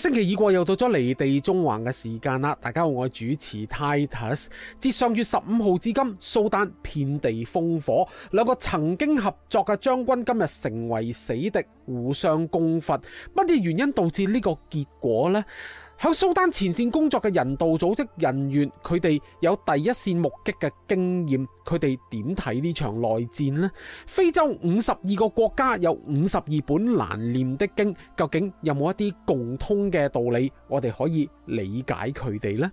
星期二過又到咗離地縱橫嘅時間啦！大家好，我係主持 Titus。自上月十五號至今，蘇丹遍地烽火，兩個曾經合作嘅將軍今日成為死敵，互相攻伐。乜嘢原因導致呢個結果呢？向蘇丹前線工作嘅人道組織人員，佢哋有第一線目擊嘅經驗，佢哋點睇呢場內戰呢？非洲五十二個國家有五十二本難念的經，究竟有冇一啲共通嘅道理，我哋可以理解佢哋呢？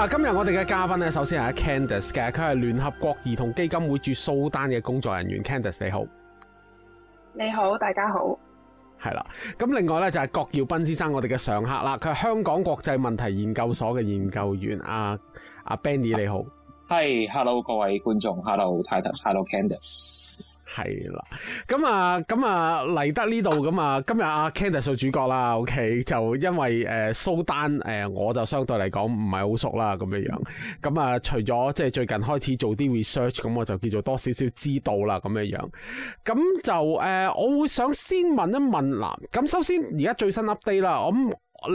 嗱，今日我哋嘅嘉賓咧，首先係阿 Candice 嘅，佢係聯合國兒童基金會駐蘇丹嘅工作人員。Candice 你好，你好，大家好。係啦，咁另外咧就係郭耀斌先生，我哋嘅常客啦，佢係香港國際問題研究所嘅研究員。阿、啊、阿、啊、Benji 你好，Hi，Hello 各位觀眾，Hello Titus，Hello Candice。係啦，咁啊，咁啊，嚟得呢度，咁啊，今日阿 Candice 做主角啦，OK，就因為誒、呃、蘇丹誒、呃，我就相對嚟講唔係好熟啦，咁樣樣，咁啊，除咗即係最近開始做啲 research，咁我就叫做多少少知道啦，咁樣樣，咁就誒、呃，我會想先問一問啦，咁首先而家最新 update 啦，我。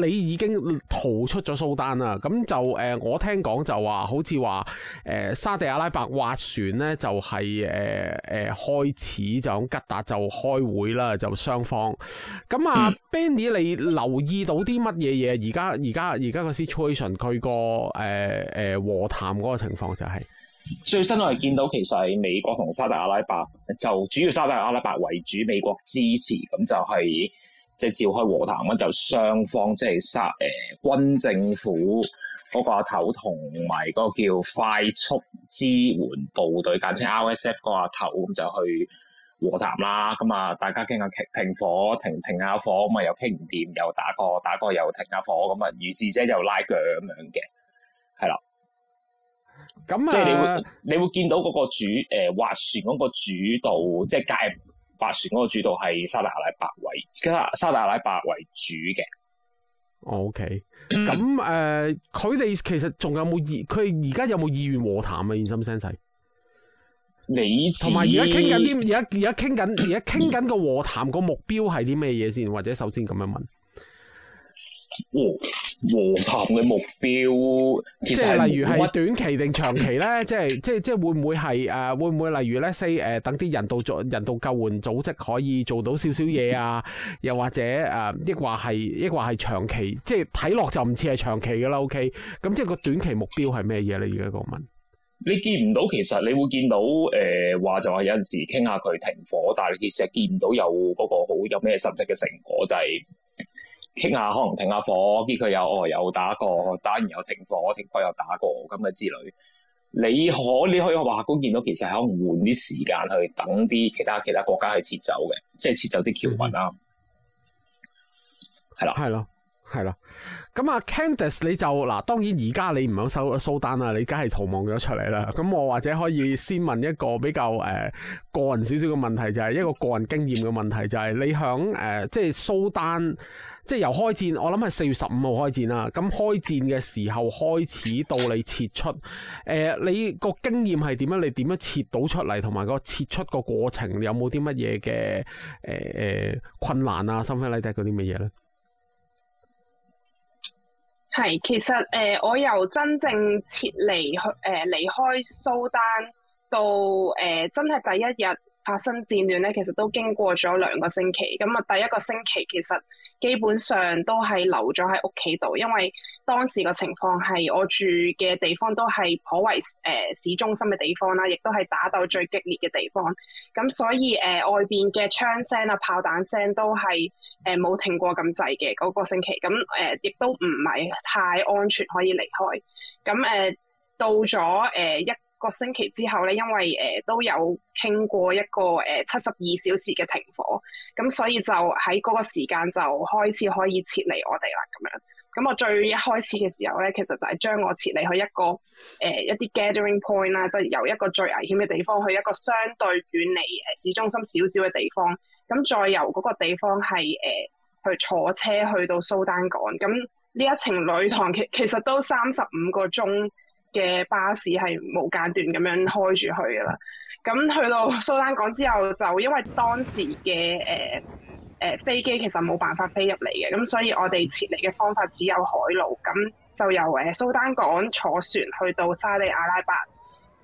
你已經逃出咗蘇丹啦，咁就誒、呃，我聽講就話好似話誒沙特阿拉伯劃船咧，就係誒誒開始就喺吉達就開會啦，就雙方。咁啊、嗯、Benny 你留意到啲乜嘢嘢？而家而家而家個 situation，佢個誒誒和談嗰個情況就係最新我哋見到，其實係美國同沙特阿拉伯就主要沙特阿拉伯為主，美國支持，咁就係、是。即係召開和談，咁就雙方即係沙誒軍政府嗰個阿頭同埋嗰個叫快速支援部隊，簡稱 RSF 個阿頭，咁就去和談啦。咁啊、嗯、大家傾下停，停，停、啊、火停停下火咁，啊又傾唔掂又打過打過又停下、啊、火。咁啊如是者又拉鋸咁樣嘅係啦，咁即係你會你會見到嗰個主誒划、呃、船嗰個主導即係介入。白船嗰個主導係沙特阿拉伯為，沙特阿拉伯為主嘅。OK，咁誒，佢 哋 其實仲有冇意？佢而家有冇意願和談啊？二三聲細，你同埋而家傾緊啲，而家而家傾緊，而家傾緊個和談個目標係啲咩嘢先？或者首先咁樣問。哦和談嘅目標，其實即係例如係短期定長期咧？ 即係即係即係會唔會係誒、呃？會唔會例如咧 s 誒，等啲人道做、人道救援組織可以做到少少嘢啊？又或者誒，亦、呃、或係亦或係長期？即係睇落就唔似係長期噶啦。OK，咁即係個短期目標係咩嘢咧？而家個問，你見唔到？其實你會見到誒，話、呃、就話有陣時傾下佢停火，但係其實見唔到有嗰個好有咩實質嘅成果就係、是。傾下可能停下火，見佢又有打過，打完又停火，停火又打過咁嘅之類。你可你可以話講見到，其實可能換啲時間去等啲其他其他國家去撤走嘅，即係撤走啲僑民啦。係啦、嗯，係咯的，係咯的。咁啊，Candice，你就嗱，當然而家你唔肯收蘇丹啦，你梗係逃亡咗出嚟啦。咁我或者可以先問一個比較誒、呃、個人少少嘅問題，就係、是、一個個人經驗嘅問題，就係、是、你響誒、呃、即係蘇丹。即係由開戰，我諗係四月十五號開戰啦。咁開戰嘅時候開始到你撤出，誒、呃，你個經驗係點樣？你點樣撤到出嚟？同埋個撤出個過程有冇啲乜嘢嘅誒誒困難啊？心灰意冷嗰啲乜嘢咧？係，其實誒、呃，我由真正撤離去誒離開蘇丹到誒、呃、真係第一日發生戰亂咧，其實都經過咗兩個星期。咁、嗯、啊，第一個星期其實。基本上都係留咗喺屋企度，因為當時個情況係我住嘅地方都係頗為誒、呃、市中心嘅地方啦，亦都係打鬥最激烈嘅地方。咁所以誒、呃、外邊嘅槍聲啊、炮彈聲都係誒冇停過咁滯嘅嗰個星期。咁誒亦都唔係太安全可以離開。咁誒、呃、到咗誒、呃、一個星期之後咧，因為誒、呃、都有傾過一個誒七十二小時嘅停火，咁所以就喺嗰個時間就開始可以撤離我哋啦咁樣。咁我最一開始嘅時候咧，其實就係將我撤離去一個誒、呃、一啲 gathering point 啦，即係由一個最危險嘅地方去一個相對遠離誒、呃、市中心少少嘅地方，咁再由嗰個地方係誒、呃、去坐車去到蘇丹港。咁呢一程旅航其實其實都三十五個鐘。嘅巴士係無間斷咁樣開住去㗎啦，咁去到蘇丹港之後就，就因為當時嘅誒誒飛機其實冇辦法飛入嚟嘅，咁所以我哋撤離嘅方法只有海路，咁就由誒蘇丹港坐船去到沙地阿拉伯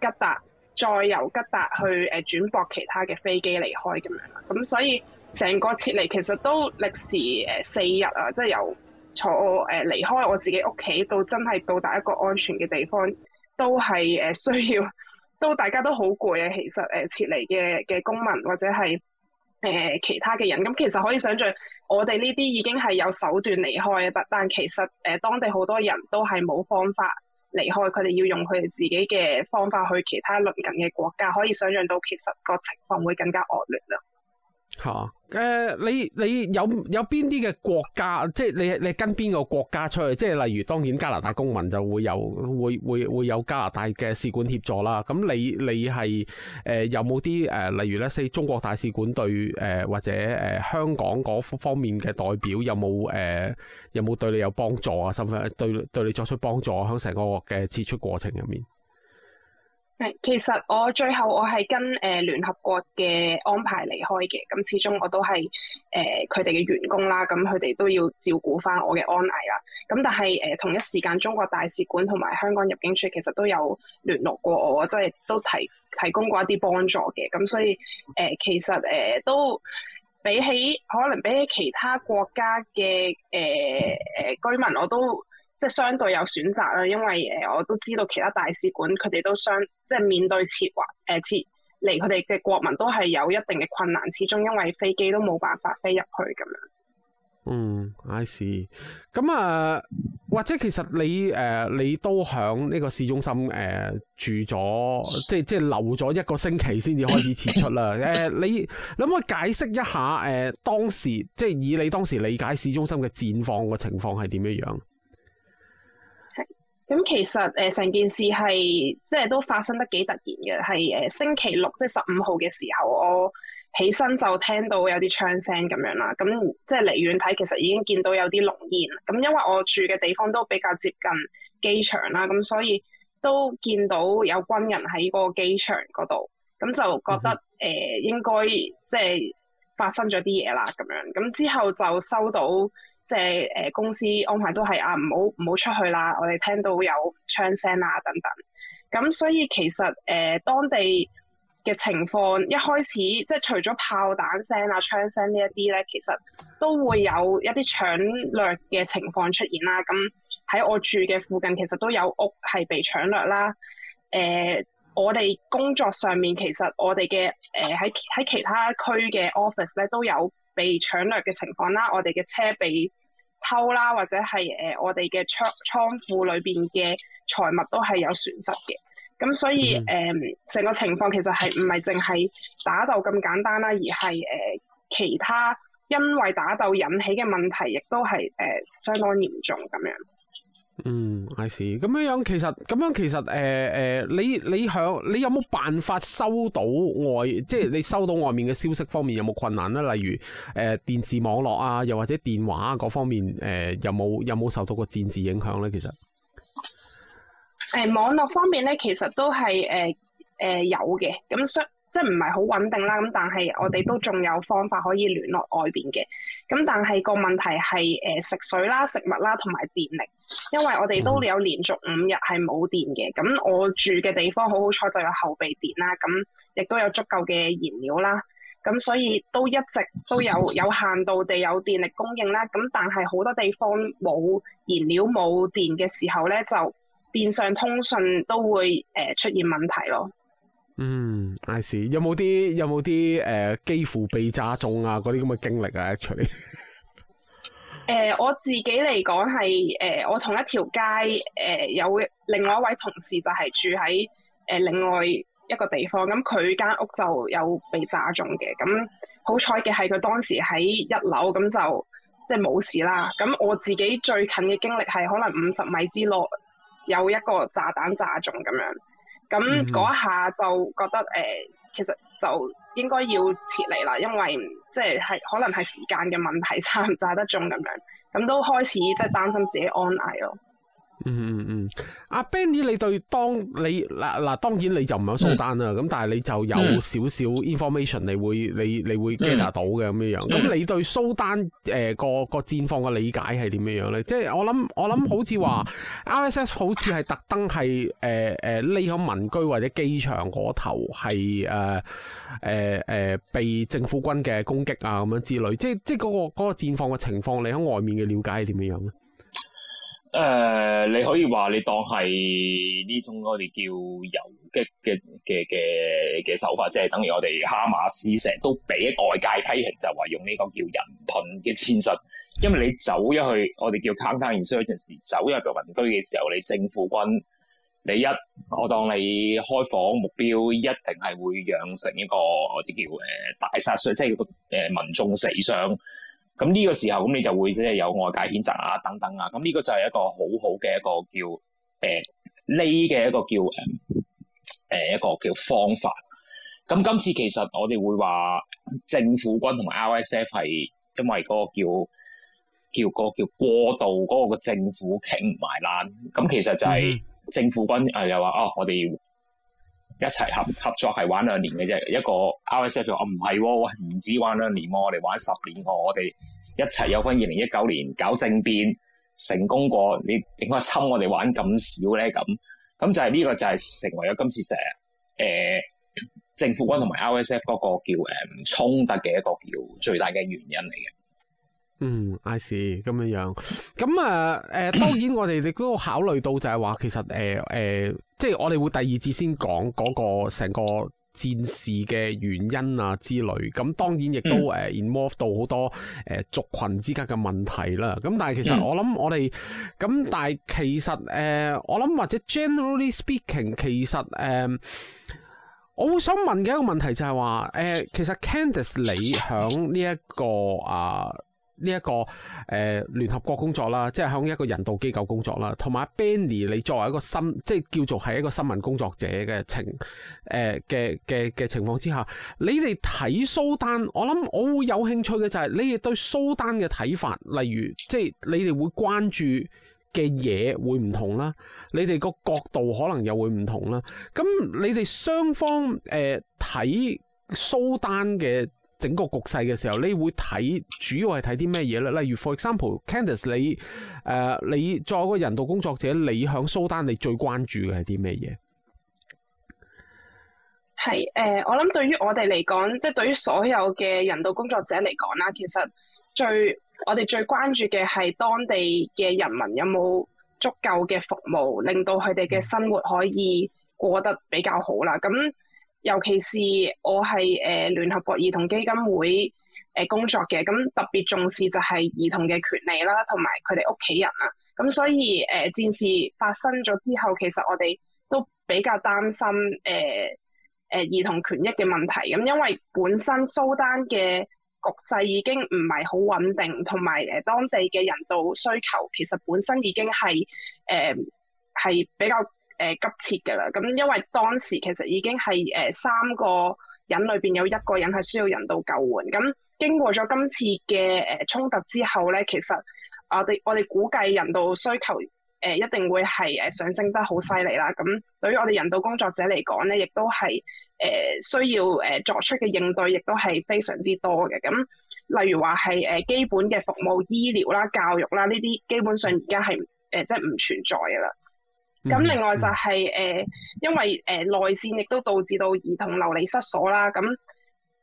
吉達，再由吉達去誒、呃、轉駁其他嘅飛機離開咁樣啦，咁所以成個撤離其實都歷時誒四日啊，即係由。坐誒離開我自己屋企到真係到達一個安全嘅地方，都係誒需要，都大家都好攰啊。其實誒撤離嘅嘅公民或者係誒、呃、其他嘅人，咁、嗯、其實可以想象我哋呢啲已經係有手段離開啊，但但其實誒、呃、當地好多人都係冇方法離開，佢哋要用佢哋自己嘅方法去其他鄰近嘅國家。可以想象到其實個情況會更加惡劣啦。吓，誒、啊，你你有有邊啲嘅國家，即係你你跟邊個國家出去，即係例如，當然加拿大公民就會有會會會有加拿大嘅使館協助啦。咁你你係誒、呃、有冇啲誒，例如咧，四中國大使館對誒、呃、或者誒、呃、香港嗰方面嘅代表有冇誒有冇、呃、對你有幫助啊？甚至係對對，對你作出幫助啊？喺成個嘅撤出過程入面。係，其實我最後我係跟誒聯合國嘅安排離開嘅，咁始終我都係誒佢哋嘅員工啦，咁佢哋都要照顧翻我嘅安危啦。咁但係誒、呃、同一時間，中國大使館同埋香港入境處其實都有聯絡過我，即係都提提供過一啲幫助嘅。咁、呃、所以誒、呃，其實誒、呃、都比起可能比起其他國家嘅誒誒居民，我都，即係相對有選擇啦，因為誒，我都知道其他大使館佢哋都相即係面對撤僑誒撤離佢哋嘅國民都係有一定嘅困難，始終因為飛機都冇辦法飛入去咁樣。嗯，I see 咁啊，或者其實你誒、呃、你都喺呢個市中心誒、呃、住咗，即係即係留咗一個星期先至開始撤出啦。誒、 呃，你你可唔可以解釋一下誒、呃、當時即係以你當時理解市中心嘅戰況嘅情況係點樣樣？咁其實誒成、呃、件事係即係都發生得幾突然嘅，係誒、呃、星期六即係十五號嘅時候，我起身就聽到有啲槍聲咁樣啦。咁、嗯、即係離遠睇，其實已經見到有啲濃煙。咁、嗯、因為我住嘅地方都比較接近機場啦，咁、嗯、所以都見到有軍人喺個機場嗰度，咁、嗯、就覺得誒、嗯哼呃、應該即係發生咗啲嘢啦咁樣。咁、嗯、之後就收到。即係誒公司安排都係啊，唔好唔好出去啦。我哋聽到有槍聲啦，等等。咁所以其實誒、呃、當地嘅情況一開始即係除咗炮彈聲啊、槍聲呢一啲咧，其實都會有一啲搶掠嘅情況出現啦。咁喺我住嘅附近其實都有屋係被搶掠啦。誒、呃，我哋工作上面其實我哋嘅誒喺喺其他區嘅 office 咧都有被搶掠嘅情況啦。我哋嘅車被偷啦，或者係誒、呃、我哋嘅倉倉庫裏邊嘅財物都係有損失嘅。咁所以誒，成、mm hmm. 呃、個情況其實係唔係淨係打鬥咁簡單啦，而係誒、呃、其他因為打鬥引起嘅問題，亦都係誒相當嚴重噉樣。嗯，I see 咁樣樣，其實咁樣其實，誒誒、呃呃，你你響，你有冇辦法收到外，即係你收到外面嘅消息方面有冇困難咧？例如誒、呃、電視網絡啊，又或者電話啊嗰方面，誒、呃、有冇有冇受到個戰事影響咧？其實誒、呃、網絡方面咧，其實都係誒誒有嘅，咁即係唔係好穩定啦，咁但係我哋都仲有方法可以聯絡外邊嘅，咁但係個問題係誒食水啦、食物啦同埋電力，因為我哋都有連續五日係冇電嘅，咁我住嘅地方好好彩就有後備電啦，咁亦都有足夠嘅燃料啦，咁所以都一直都有有限度地有電力供應啦，咁但係好多地方冇燃料冇電嘅時候咧，就變相通訊都會誒出現問題咯。嗯，I see。有冇啲有冇啲誒，幾乎被炸中啊，嗰啲咁嘅經歷啊？出嚟。誒，我自己嚟講係誒，我同一條街誒、呃、有另外一位同事就係住喺誒、呃、另外一個地方，咁佢間屋就有被炸中嘅。咁好彩嘅係佢當時喺一樓，咁就即係冇事啦。咁我自己最近嘅經歷係可能五十米之內有一個炸彈炸中咁樣。咁嗰、嗯、一下就覺得誒、呃，其實就應該要撤離啦，因為即係係可能係時間嘅問題，揸唔揸得中咁樣，咁都開始、嗯、哼即係擔心自己安危咯。嗯嗯嗯，阿、嗯、Benny，你對當你嗱嗱、啊，當然你就唔響蘇丹啦，咁、嗯、但係你就有少少 information，你會你你會 get 到嘅咁樣樣。咁、嗯嗯、你對蘇丹誒、呃、個個戰況嘅理解係點樣樣咧？即、就、係、是、我諗我諗好似話，RSS 好似係特登係誒誒匿響民居或者機場嗰頭係誒誒誒被政府軍嘅攻擊啊咁樣之類，即係即係嗰個嗰、那個戰況嘅情況，你喺外面嘅了解係點樣樣咧？誒，uh, 你可以話你當係呢種我哋叫游擊嘅嘅嘅嘅手法，即係等於我哋哈馬斯成日都俾外界批評就話用呢個叫人盾嘅戰術，因為你走咗去我哋叫 counterinsurgency 走入個民居嘅時候，你政府軍你一我當你開火目標一定係會養成一個我哋叫誒、呃、大殺傷，即係誒民眾死傷。咁呢個時候，咁你就會即係有外界譴責啊，等等啊。咁呢個就係一個好好嘅一個叫誒匿嘅一個叫誒、呃、一個叫方法。咁今次其實我哋會話政府軍同 RSF 係因為嗰個叫叫嗰、那個、叫過渡嗰個政府傾唔埋啦。咁其實就係政府軍啊又話啊，我哋。一齊合合作係玩兩年嘅啫，一個 R S F 話唔係喎，唔、啊啊、止玩兩年喎、啊，我哋玩十年喎、啊，我哋一齊有份二零一九年搞政變成功過，你點解侵我哋玩咁少咧？咁咁就係呢個就係成為咗今次成日誒、呃、政府軍同埋 R S F 嗰個叫誒、嗯、衝突嘅一個叫最大嘅原因嚟嘅。嗯，I see 咁樣樣，咁啊，誒、呃，當然我哋亦都考慮到就係話， 其實誒誒、呃，即係我哋會第二節先講嗰個成個戰事嘅原因啊之類，咁當然亦都誒 involve 到好多誒、呃、族群之間嘅問題啦。咁但係其實我諗我哋，咁 但係其實誒、呃，我諗或者 generally speaking，其實誒、呃，我會想問嘅一個問題就係話，誒、呃，其實 Candice 你響呢一個啊。呃呢一個誒聯合國工作啦，即係響一個人道機構工作啦，同埋 Benny，你作為一個新即係叫做係一個新聞工作者嘅情誒嘅嘅嘅情況之下，你哋睇蘇丹，我諗我會有興趣嘅就係你哋對蘇丹嘅睇法，例如即係你哋會關注嘅嘢會唔同啦，你哋個角度可能又會唔同啦。咁你哋雙方誒睇蘇丹嘅整個局勢嘅時候，你會睇主要係睇啲咩嘢咧？例如，for example，Candice，你誒、呃、你作為個人道工作者，你響蘇丹，你最關注嘅係啲咩嘢？係誒、呃，我諗對於我哋嚟講，即係對於所有嘅人道工作者嚟講啦，其實最我哋最關注嘅係當地嘅人民有冇足夠嘅服務，令到佢哋嘅生活可以過得比較好啦。咁。尤其是我係誒、呃、聯合國兒童基金會誒、呃、工作嘅，咁特別重視就係兒童嘅權利啦，同埋佢哋屋企人啊，咁所以誒、呃、戰事發生咗之後，其實我哋都比較擔心誒誒、呃呃、兒童權益嘅問題，咁因為本身蘇丹嘅局勢已經唔係好穩定，同埋誒當地嘅人道需求其實本身已經係誒係比較誒急切嘅啦，咁因為當時其實已經係誒、呃、三個人裏邊有一個人係需要人道救援。咁經過咗今次嘅誒、呃、衝突之後咧，其實我哋我哋估計人道需求誒、呃、一定會係誒上升得好犀利啦。咁對於我哋人道工作者嚟講咧，亦都係誒需要誒作出嘅應對，亦都係非常之多嘅。咁例如話係誒基本嘅服務、醫療啦、教育啦呢啲，基本上而家係誒即係唔存在㗎啦。咁、嗯嗯、另外就係、是、誒、呃，因為誒、呃、內戰亦都導致到兒童流離失所啦。咁、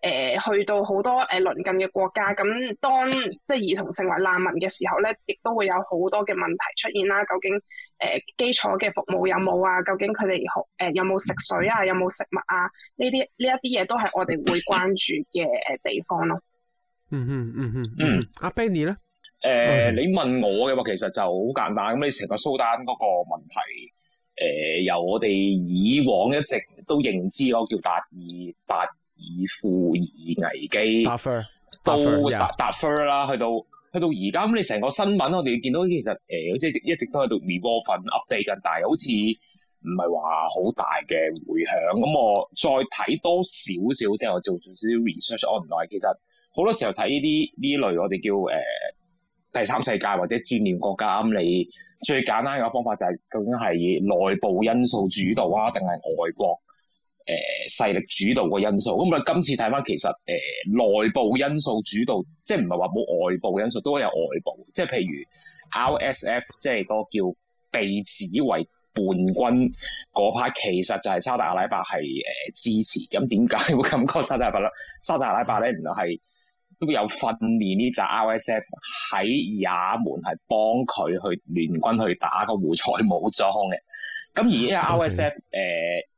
呃、誒去到好多誒、呃、鄰近嘅國家，咁、呃、當即係兒童成為難民嘅時候咧，亦都會有好多嘅問題出現啦。究竟誒、呃、基礎嘅服務有冇啊？究竟佢哋好誒有冇食水啊？有冇食物啊？呢啲呢一啲嘢都係我哋會關注嘅誒地方咯、嗯。嗯嗯嗯嗯，阿 Ben 你咧？嗯誒，嗯、你問我嘅話，其實就好簡單。咁你成個蘇丹嗰個問題，呃、由我哋以往一直都認知嗰叫達爾達爾富爾危機，到達達爾富爾啦，去都到去到而家咁，你成個新聞我哋見到其實誒，即、呃、係一直都喺度微波份 update 緊，但係好似唔係話好大嘅回響。咁我再睇多少少，即係我做少少 research，我原來其實好多時候睇呢啲呢類我哋叫誒。呃第三世界或者戰亂國家，咁你最簡單嘅方法就係究竟係內部因素主導啊，定係外國誒、呃、勢力主導嘅因素？咁我今次睇翻其實誒、呃、內部因素主導，即係唔係話冇外部因素，都有外部。即係譬如 RSF、嗯、即係嗰個叫被指為叛軍嗰批，其實就係沙特阿拉伯係誒、呃、支持。咁點解會咁覺沙特阿拉伯？沙特阿拉伯咧，原來係。都有訓練呢隻 RSF 喺也門係幫佢去聯軍去打個胡塞武裝嘅。咁而家 RSF 誒、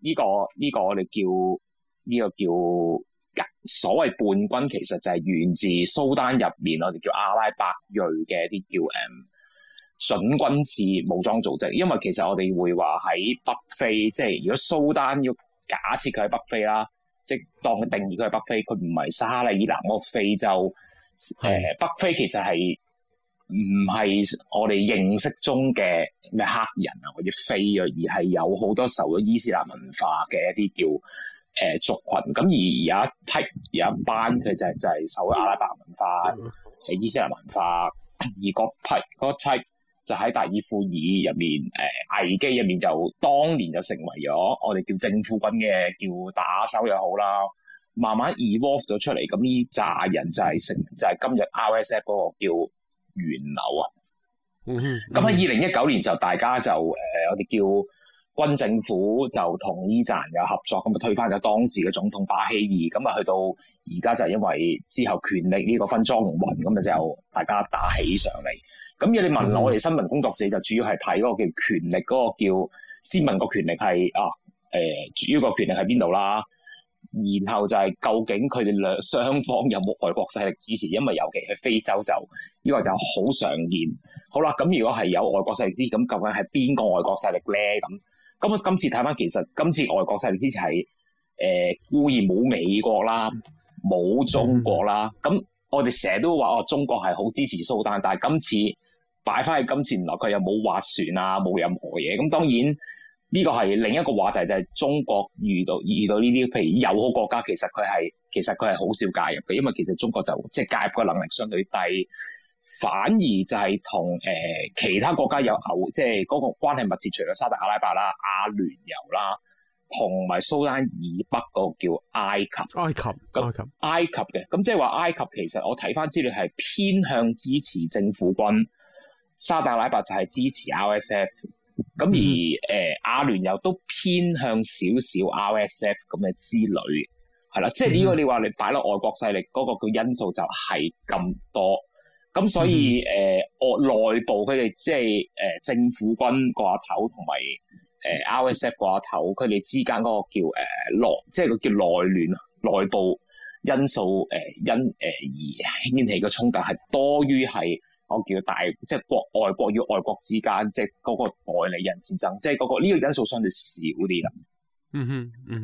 呢個呢、呢個我哋叫呢、呢個叫所謂叛軍，其實就係源自蘇丹入面，我哋叫阿拉伯裔嘅一啲叫誒、準軍事武裝組織。因為其實我哋會話喺北非，即係如果蘇丹要假設佢喺北非啦。即當佢定義佢係北非，佢唔係撒哈拉以南個非洲。誒的北非其實係唔係我哋認識中嘅咩黑人啊嗰啲非啊，而係有好多受咗伊斯蘭文化嘅一啲叫誒、呃、族群。咁而有一 type 有一班佢就係、就係、是、受咗阿拉伯文化、係的伊斯蘭文化，而嗰批就喺達爾富爾入面，誒危機入面就當年就成為咗我哋叫政府軍嘅叫打手又好啦，慢慢 evolve 咗出嚟，咁呢扎人就係成就係、是、今日 RSF 嗰個叫源流啊。咁喺二零一九年就大家就誒我哋叫軍政府就同呢扎人有合作，咁啊推翻咗當時嘅總統巴希爾，咁啊去到而家就係因為之後權力呢個分贓唔勻，咁啊就大家打起上嚟。咁如果你問我哋新聞工作者，就主要係睇嗰個叫權力嗰、嗰個叫新聞個權力係啊誒、欸、主要個權力喺邊度啦？然後就係究竟佢哋兩雙方有冇外國勢力支持？因為尤其喺非洲就呢個就好常見。好啦，咁如果係有外國勢力支持，咁究竟係邊個外國勢力咧？咁咁啊今次睇翻其實今次外國勢力支持係誒固然冇美國啦，冇中國啦。咁、嗯、我哋成日都話哦中國係好支持蘇丹，但係今次。買翻嘅金錢來，佢又冇劃船啊，冇任何嘢。咁當然呢個係另一個話題，就係中國遇到遇到呢啲，譬如友好國家，其實佢係其實佢係好少介入嘅，因為其實中國就即係介入嘅能力相對低，反而就係同誒其他國家有藕，即係嗰個關係密切，除咗沙特阿拉伯啦、阿聯酋啦，同埋蘇丹以北嗰個叫埃及。埃及。埃及。嘅，咁即係話埃及其實我睇翻資料係偏向支持政府軍。沙特阿拉伯就係支持 R.S.F，咁、嗯、而誒阿、呃、聯酋又都偏向少少 R.S.F 咁嘅之類，係啦，即係呢個你話你擺落外國勢力嗰、那個叫因素就係咁多，咁所以誒我、呃、內部佢哋即係誒政府軍個頭同埋誒、呃、R.S.F 個頭佢哋之間嗰個叫誒內、呃、即係個叫內亂啊，內部因素誒、呃、因誒、呃、而掀起嘅衝突係多於係。我叫大，即、就、係、是、國外國與外國之間，即係嗰個代理人戰爭，即係嗰個呢個因素相對少啲啦、嗯。嗯哼，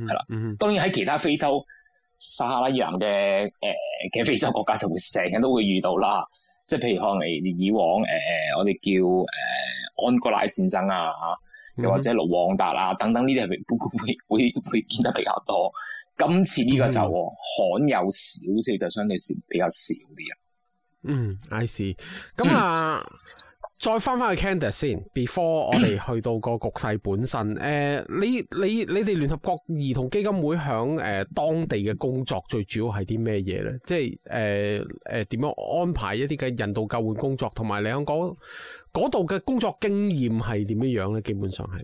係啦的。嗯嗯、當然喺其他非洲撒哈拉以南嘅誒嘅非洲國家，就會成日都會遇到啦。即、就、係、是、譬如可能你以往誒誒、呃，我哋叫誒、呃、安哥拉戰爭啊，又或者盧旺達啊，嗯、哼等等呢啲係會會會見得比較多。今次呢個就罕有少少，就相對是比較少啲啊。嗯，I see。咁啊、嗯，再翻翻去 Candice 先，Before 我哋去到個局勢本身。誒、呃，你你你哋聯合國兒童基金會響誒、呃、當地嘅工作最主要係啲咩嘢咧？即係誒誒，點、呃呃、樣安排一啲嘅人道救援工作，同埋你響嗰嗰度嘅工作經驗係點樣樣咧？基本上係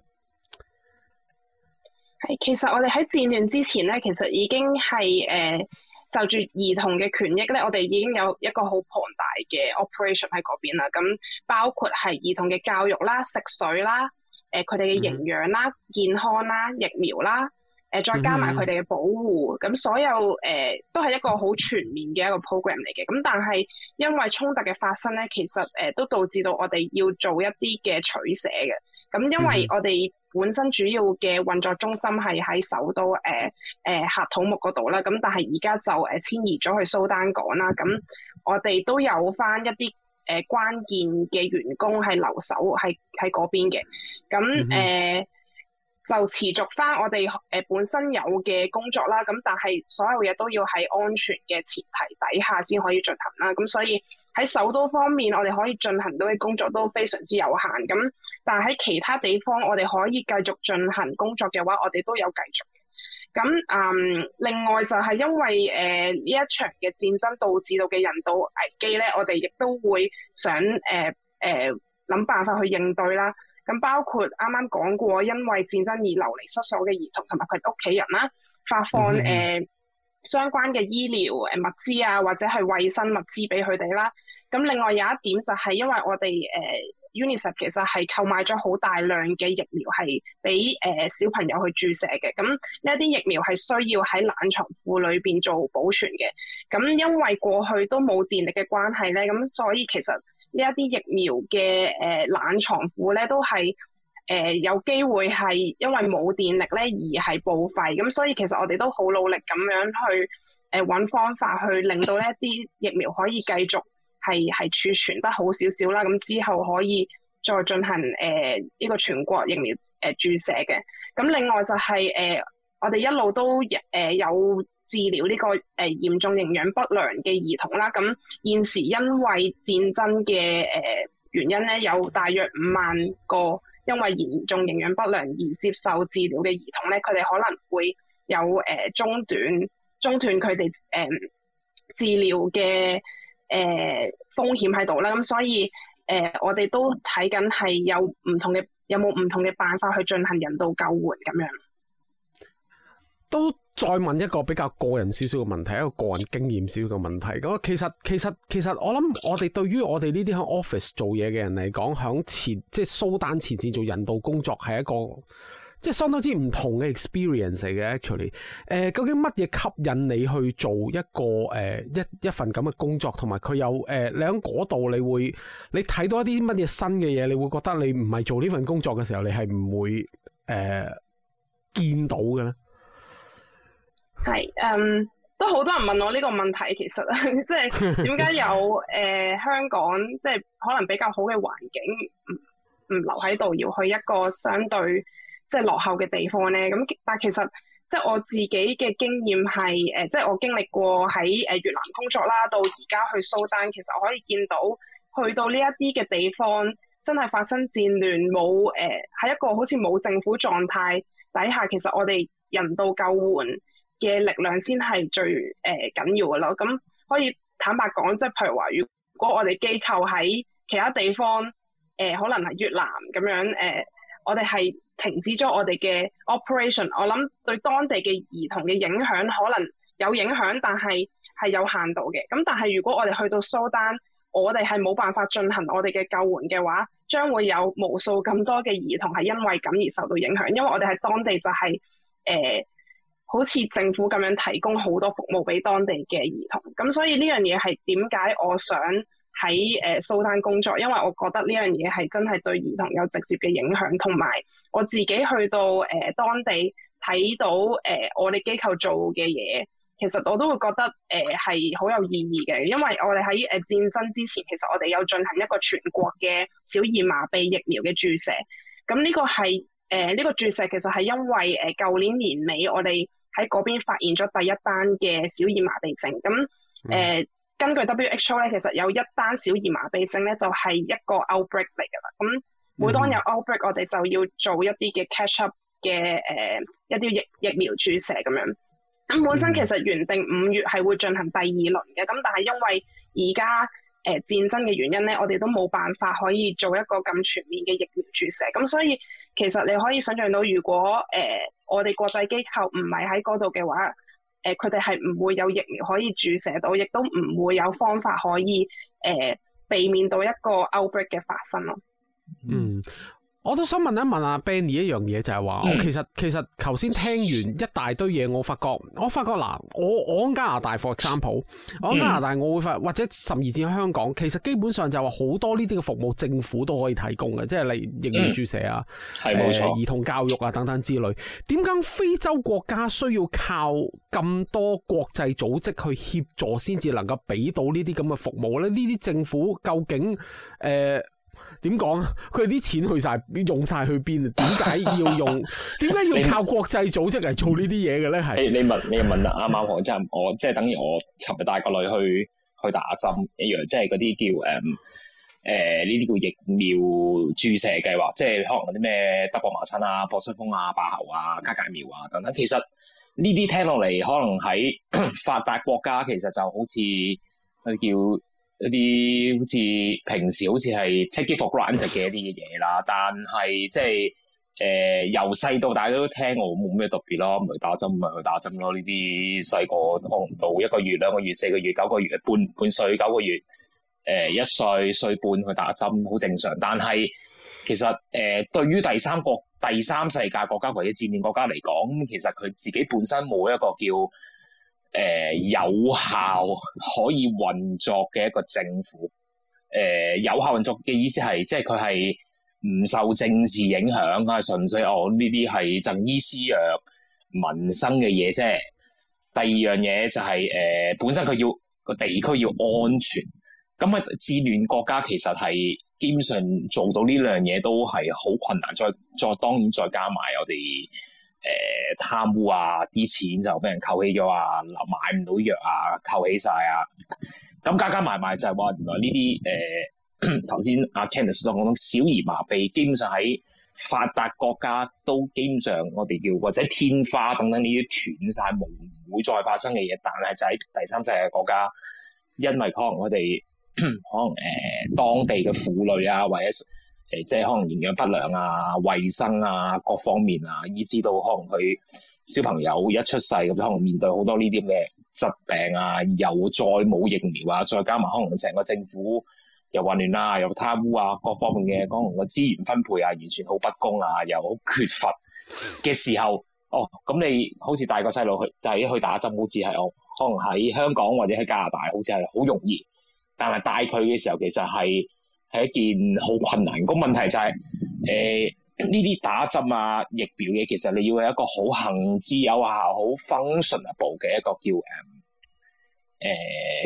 係，其實我哋喺戰亂之前咧，其實已經係誒。呃就住兒童嘅權益咧，我哋已經有一個好龐大嘅 operation 喺嗰邊啦。咁包括係兒童嘅教育啦、食水啦、誒佢哋嘅營養啦、嗯、健康啦、疫苗啦，誒、呃、再加埋佢哋嘅保護，咁、嗯、所有誒、呃、都係一個好全面嘅一個 program 嚟嘅。咁但係因為衝突嘅發生咧，其實誒都導致到我哋要做一啲嘅取捨嘅。咁因為我哋。本身主要嘅運作中心係喺首都誒誒喀土穆嗰度啦，咁但係而家就誒遷、呃、移咗去蘇丹港啦。咁我哋都有返一啲誒、呃、關鍵嘅員工係留守喺喺嗰邊嘅，咁誒，嗯哼呃就持續翻我哋誒本身有嘅工作啦，咁但係所有嘢都要喺安全嘅前提底下先可以進行啦。咁所以喺首都方面，我哋可以進行到嘅工作都非常之有限。咁但係喺其他地方，我哋可以繼續進行工作嘅話，我哋都有繼續。咁嗯，另外就係因為誒呢、呃、一場嘅戰爭導致到嘅人道危機咧，我哋亦都會想誒誒諗辦法去應對啦。咁包括啱啱講過，因為戰爭而流離失所嘅兒童同埋佢屋企人啦，發放誒、嗯哼呃、相關嘅醫療誒物資啊，或者係衛生物資俾佢哋啦。咁另外有一點就係因為我哋誒、呃、UNICEF 其實係購買咗好大量嘅疫苗係俾誒小朋友去注射嘅。咁呢一啲疫苗係需要喺冷藏庫裏邊做保存嘅。咁因為過去都冇電力嘅關係咧，咁所以其實呢一啲疫苗嘅誒、呃、冷藏庫咧，都係誒、呃、有機會係因為冇電力咧而係報廢，咁所以其實我哋都好努力咁樣去誒揾、呃、方法去令到呢一啲疫苗可以繼續係係儲存得好少少啦，咁之後可以再進行誒呢、呃呢個全國疫苗誒注射嘅。咁另外就係、係、誒、呃、我哋一路都誒有。呃有治療呢、呢個誒、呃、嚴重營養不良嘅兒童啦，咁、嗯、現時因為戰爭嘅誒、呃、原因咧，有大約五萬個因為嚴重營養不良而接受治療嘅兒童咧，佢哋可能會有誒、呃、中斷中斷佢哋誒治療嘅誒、呃、風險喺度啦，咁、嗯、所以誒、呃、我哋都睇緊係有唔同嘅有冇唔同嘅辦法去進行人道救援咁樣。都。再問一個比較個人少少嘅問題，一個個人經驗少少嘅問題。咁其實其實其實我諗，我哋對於我哋呢啲喺 office 做嘢嘅人嚟講，喺前即係蘇丹前線做人道工作係一個即係相當之唔同嘅 experience 嘅。Actually，誒、呃、究竟乜嘢吸引你去做一個誒、呃、一一份咁嘅工作，同埋佢有誒你喺嗰度，你，你會你睇到一啲乜嘢新嘅嘢，你會覺得你唔係做呢份工作嘅時候，你係唔會誒、呃、見到嘅咧？係，嗯，都好多人問我呢個問題，其實啊，即係點解有誒、呃、香港，即係可能比較好嘅環境，唔唔留喺度，要去一個相對即係落後嘅地方咧？咁但係其實即係我自己嘅經驗係，誒、呃，即係我經歷過喺誒越南工作啦，到而家去蘇丹，其實我可以見到去到呢一啲嘅地方，真係發生戰亂，冇誒喺一個好似冇政府狀態底下，其實我哋人道救援。嘅力量先係最誒、呃、緊要嘅咯，咁可以坦白講，即係譬如話如果我哋機構喺其他地方誒、呃，可能係越南咁樣，誒、呃，我哋係停止咗我哋嘅 operation，我諗對當地嘅兒童嘅影響可能有影響，但係係有限度嘅。咁但係如果我哋去到蘇丹，我哋係冇辦法進行我哋嘅救援嘅話，將會有無數咁多嘅兒童係因為咁而受到影響，因為我哋喺當地就係、是。誒、呃。好似政府咁樣提供好多服務俾當地嘅兒童，咁所以呢樣嘢係點解我想喺誒、呃、蘇丹工作，因為我覺得呢樣嘢係真係對兒童有直接嘅影響，同埋我自己去到誒、呃、當地睇到誒、呃、我哋機構做嘅嘢，其實我都會覺得誒係好有意義嘅，因為我哋喺誒戰爭之前，其實我哋有進行一個全國嘅小兒麻痹疫苗嘅注射，咁呢個係誒呢個注射其實係因為誒舊、呃、年年尾我哋喺嗰邊發現咗第一單嘅小兒麻痹症，咁誒、呃、根據 WHO 咧，其實有一單小兒麻痹症咧就係、是、一個 outbreak 嚟㗎喇。咁每當有 outbreak，我哋就要做一啲嘅 catch up 嘅誒、呃、一啲疫疫苗注射咁樣。咁本身其實原定五月係會進行第二輪嘅，咁、嗯、但係因為而家誒戰爭嘅原因咧，我哋都冇辦法可以做一個咁全面嘅疫苗注射。咁所以其實你可以想像到，如果誒、呃我哋國際機構唔係喺嗰度嘅話，誒佢哋係唔會有疫苗可以注射到，亦都唔會有方法可以誒、呃、避免到一個 outbreak 嘅發生咯。嗯。我都想問一問阿 Benny 一樣嘢，就係、是、話，其實其實頭先聽完一大堆嘢，我發覺我發覺嗱，我我喺加拿大 for example，我喺加拿大我會發，或者甚至喺香港，其實基本上就話好多呢啲嘅服務政府都可以提供嘅，即係你疫苗注射啊，係冇、嗯呃、錯，兒童教育啊等等之類。點解非洲國家需要靠咁多國際組織去協助先至能夠俾到呢啲咁嘅服務咧？呢啲政府究竟誒？呃點講啊？佢啲錢去晒，用晒去邊啊？點解要用？點解 要靠國際組織嚟做呢啲嘢嘅咧？係你 Hey, 是你問你問阿啱啱，我即係我即係等於我尋日帶個女去去打針一樣，即係嗰啲叫誒誒，呢啲叫疫苗注射計劃，即係可能嗰啲咩德國麻疹啊、破傷風啊、白喉啊、卡介苗啊等等。其實呢啲聽落嚟，可能喺發達國家其實就好似佢叫。一啲好似平時好似係 take it for granted 嘅一啲嘅嘢啦，但係即係誒由細到大，大都聽我冇咩特別咯，唔係打針咪去打針咯。呢啲細個我唔到一個月兩個月四個月九個月半半歲九個月誒、呃、一歲歲半去打針好正常，但係其實誒、呃、對於第三國第三世界國家或者戰亂國家嚟講，其實佢自己本身冇一個叫。誒、呃，有效可以運作嘅一個政府，誒、呃，有效運作嘅意思係，即係佢係唔受政治影響啊，純粹哦呢啲係贈醫施藥民生嘅嘢啫。第二樣嘢就係、是，誒、呃，本身佢要個地區要安全，咁啊，戰亂國家其實係基本上做到呢樣嘢都係好困難，再再，再當然再加埋我哋。誒，貪污啊，啲錢就俾人扣起咗啊，買唔到藥啊，扣起晒啊，咁加加埋埋就係話，原來呢啲誒，頭先阿 Candice 所講嗰種小兒麻痹，基本上喺發達國家都基本上我哋叫或者天花等等呢啲斷晒，唔會再發生嘅嘢，但係就喺第三世界國家，因為可能我哋可能誒，當地嘅婦女啊，或者。誒，即係可能營養不良啊、衞生啊各方面啊，以至到可能佢小朋友一出世咁，可能面對好多呢啲嘅疾病啊，又再冇疫苗啊，再加埋可能成個政府又混亂啊，又貪污啊，各方面嘅可能個資源分配啊，完全好不公啊，又好缺乏嘅時候，哦，咁你好似帶個細路去就係去打針，好似係我可能喺香港或者喺加拿大，好似係好容易，但係帶佢嘅時候其實係。係一件好困難，個問題就係、是，誒呢啲打針啊疫苗嘅，其實你要有一個好行之有效、好 functionable 嘅一個叫誒誒、呃、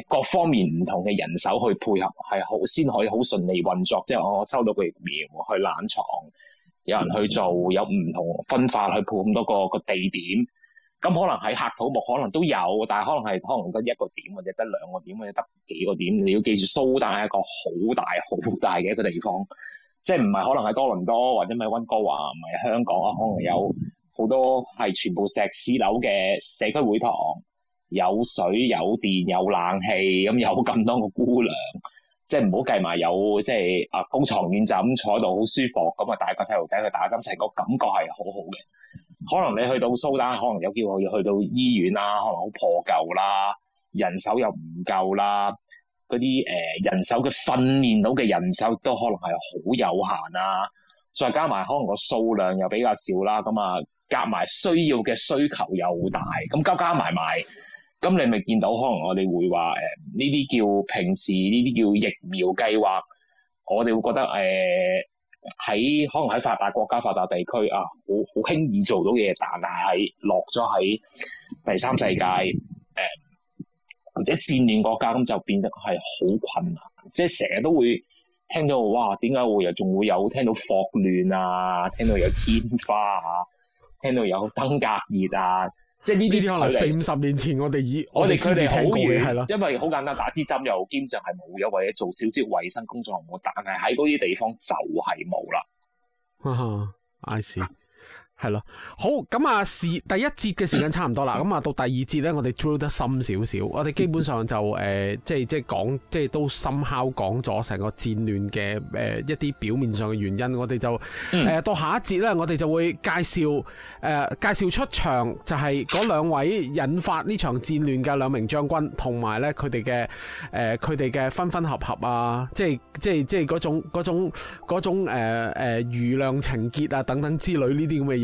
各方面唔同嘅人手去配合，係好先可以好順利運作，即、就、係、是、我收到個疫苗去冷藏，有人去做，有唔同分化去配咁多個個地點。咁、嗯、可能喺喀土穆可能都有，但係可能係可能得一個點或者得兩個點或者得幾個點。你要記住，蘇丹係一個好大好大嘅一個地方，即係唔係可能喺多倫多或者唔係溫哥華，唔係香港啊？可能有好多係全部石屎樓嘅社區會堂，有水有電有冷氣，咁有咁多個姑娘，即係唔好計埋有即係啊高牀軟枕坐喺度好舒服，咁啊帶個細路仔去打針，成個感覺係好好嘅。可能你去到蘇丹，可能有機會要去到醫院啦，可能好破舊啦，人手又唔夠啦，嗰啲誒人手嘅訓練到嘅人手都可能係好有限啦。再加埋可能個數量又比較少啦，咁啊，夾埋需要嘅需求又大，咁加加埋埋，咁你咪見到可能我哋會話誒呢啲叫平時呢啲叫疫苗計劃，我哋會覺得誒。呃喺可能喺發達國家、發達地區啊，好好輕易做到嘢，但係落咗喺第三世界，誒、啊、或者戰亂國家咁，就變得係好困難。即係成日都會聽到哇，點解我又仲會有聽到霍亂啊，聽到有天花啊，聽到有登革熱啊。即係呢啲可能四五十年前我哋已，我哋佢哋好遠，係咯的，因為好簡單，打支針又基本上係冇嘅，或者做少少衞生工作我，但係喺嗰啲地方就係冇啦。啊 ，I see see.。 係咯，好，咁啊，是、嗯、第一節嘅時間差唔多啦，咁、嗯、啊到第二節咧，我哋 drew 得深少少，我哋基本上就誒、呃，即係即係講，即係都深敲講咗成個戰亂嘅誒一啲表面上嘅原因，我哋就誒、呃、到下一節咧，我哋就會介紹誒、呃、介紹出場就係嗰兩位引發呢場戰亂嘅兩名將軍，同埋咧佢哋嘅誒佢哋嘅分分合合啊，即係即係即係嗰種嗰種嗰種誒誒瑜亮情結啊等等之類呢啲咁嘅。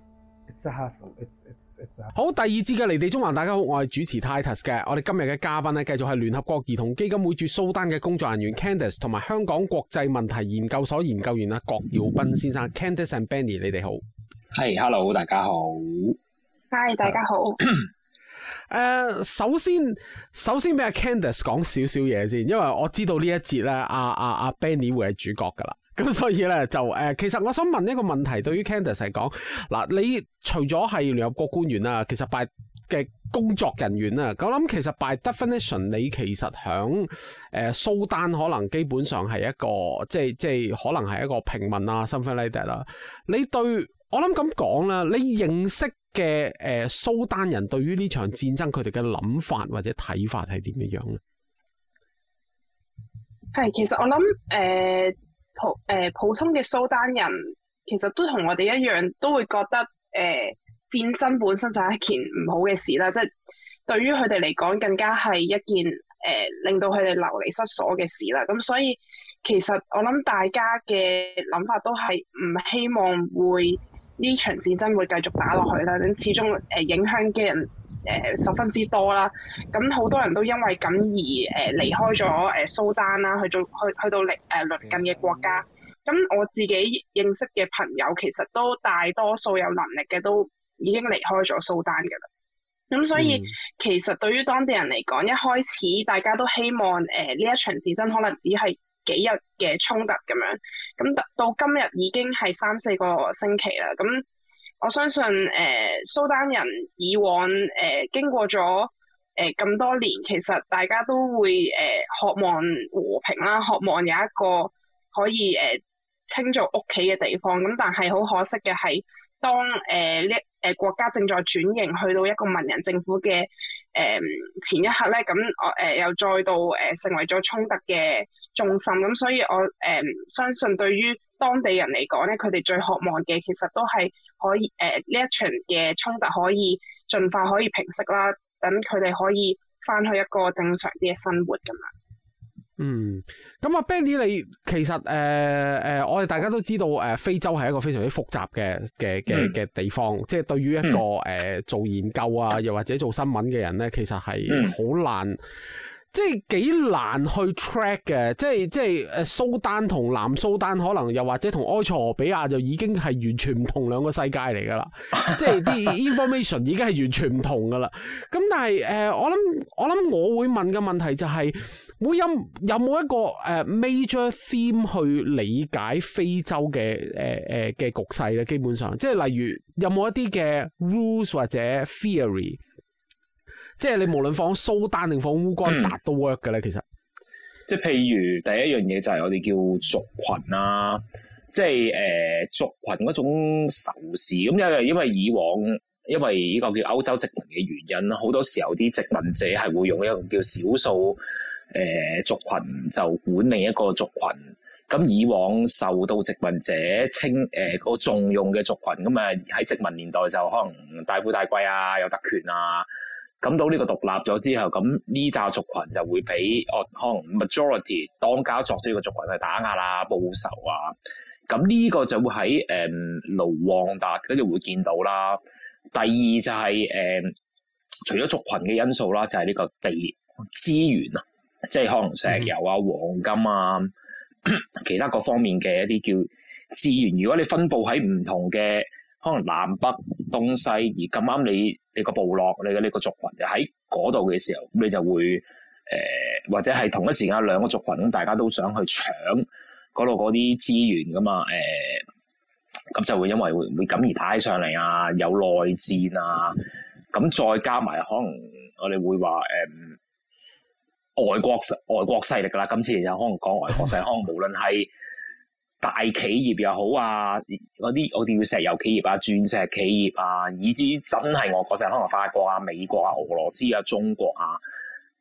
好，第二節嘅離地縱橫，大家好，我係主持 Titus 嘅。我哋今日嘅嘉賓咧，繼續係聯合國兒童基金會駐蘇丹嘅工作人員 Candice，同埋香港國際問題研究所研究員阿郭耀斌先生。Mm hmm. Candice and Benny，你哋好。係、hey，Hello，大家好。Hi，大家好。誒、 呃，首先，首先俾阿 Candice 講少少嘢先，因為我知道呢一節咧，阿阿阿 Benny 會係主角㗎喇。咁、 嗯、所以咧就誒，其實我想問一個問題，對於，對於 Candice 嚟講，嗱，你除咗係聯合國官員啊，其實拜嘅工作人員啊，我諗其實 by definition，你其實響誒蘇丹可能基本上係一個即係即係可能係一個平民啦 something like that 啦。你對我諗咁講啦，你認識嘅誒蘇丹人對於呢場戰爭佢哋嘅諗法或者睇法係點嘅樣咧？係，其實我諗誒。呃普誒普通嘅蘇丹人其實都同我哋一樣都會覺得誒戰爭本身就係一件唔好嘅事啦，即係對於佢哋嚟講更加係一件誒令到佢哋流離失所嘅事啦。咁所以其實我諗大家嘅諗法都係唔希望會呢場戰爭會繼續打落去啦。咁始終誒影響嘅人。誒、呃、十分之多啦，咁好多人都因為咁而誒離開咗誒蘇丹啦，去到去去到鄰誒鄰近嘅國家。咁我自己認識嘅朋友，其實都大多數有能力嘅都已經離開咗蘇丹㗎啦。咁所以其實對於當地人嚟講，一開始大家都希望誒呢、呃、一場戰爭可能只係幾日嘅衝突咁樣。咁到今日已經係三四個星期啦。咁我相信誒、呃、蘇丹人以往誒、呃、經過咗誒咁多年，其實大家都會誒、呃、渴望和平啦，渴望有一個可以誒稱、呃、做屋企嘅地方。咁但係好可惜嘅係，當誒呢誒國家正在轉型去到一個文人政府嘅誒、呃、前一刻咧，咁我誒又再度誒、呃、成為咗衝突嘅重心。咁、呃、所以我誒、呃、相信對於當地人嚟講咧，佢哋最渴望嘅其實都係。可以誒呢、呃、一場嘅衝突可以盡快可以平息啦，等佢哋可以返去一個正常啲嘅生活噶嘛。嗯，咁啊，Bandy，你其實誒誒、呃呃，我哋大家都知道誒、呃，非洲係一個非常之複雜嘅嘅嘅嘅地方，嗯、即係對於一個誒、嗯呃、做研究啊，又或者做新聞嘅人咧，其實係好難。即係幾難去 track 嘅，即係即係誒蘇丹同南蘇丹可能又或者同埃塞俄比亞就已經係完全唔同兩個世界嚟㗎啦， 即係啲 information 已經係完全唔同㗎啦。咁但係誒、呃，我諗我諗我會問嘅問題就係、是、會有有冇一個誒 major theme 去理解非洲嘅誒誒嘅局勢咧？基本上即係例如有冇一啲嘅 rules 或者 theory？即係你無論放蘇丹定放烏干達都 work 嘅咧，嗯、其實即係譬如第一樣嘢就係我哋叫族群啊，即係誒族群嗰種仇視咁，因、嗯、為因為以往因為呢個叫歐洲殖民嘅原因啦，好多時候啲殖民者係會用一個叫少數誒、呃、族群，就管理一個族群。咁、嗯、以往受到殖民者稱誒個、呃、重用嘅族群，咁啊喺殖民年代就可能大富大貴啊，有特權啊。咁到呢個獨立咗之後，咁呢紮族群就會俾我可能 majority 當家作主嘅族群去打壓啊、報仇啊。咁呢個就會喺誒、嗯、盧旺達嗰度會見到啦。第二就係、是、誒、嗯，除咗族群嘅因素啦，就係、是、呢個地資源啊，即係可能石油啊、黃金啊，其他各方面嘅一啲叫資源。如果你分布喺唔同嘅可能南北東西，而咁啱你。你個部落，你嘅呢個族群，又喺嗰度嘅時候，咁你就會誒、呃，或者係同一時間兩個族群，咁大家都想去搶嗰度嗰啲資源噶嘛？誒、呃，咁就會因為會唔會咁而打起上嚟啊，有內戰啊，咁再加埋可能我哋會話誒、呃，外國外國勢力噶啦，今次就可能講外國勢力， 可能無論係。大企業又好啊，嗰啲我哋要石油企業啊、鑽石企業啊，以至於真係我嗰時可能法國啊、美國啊、俄羅斯啊、中國啊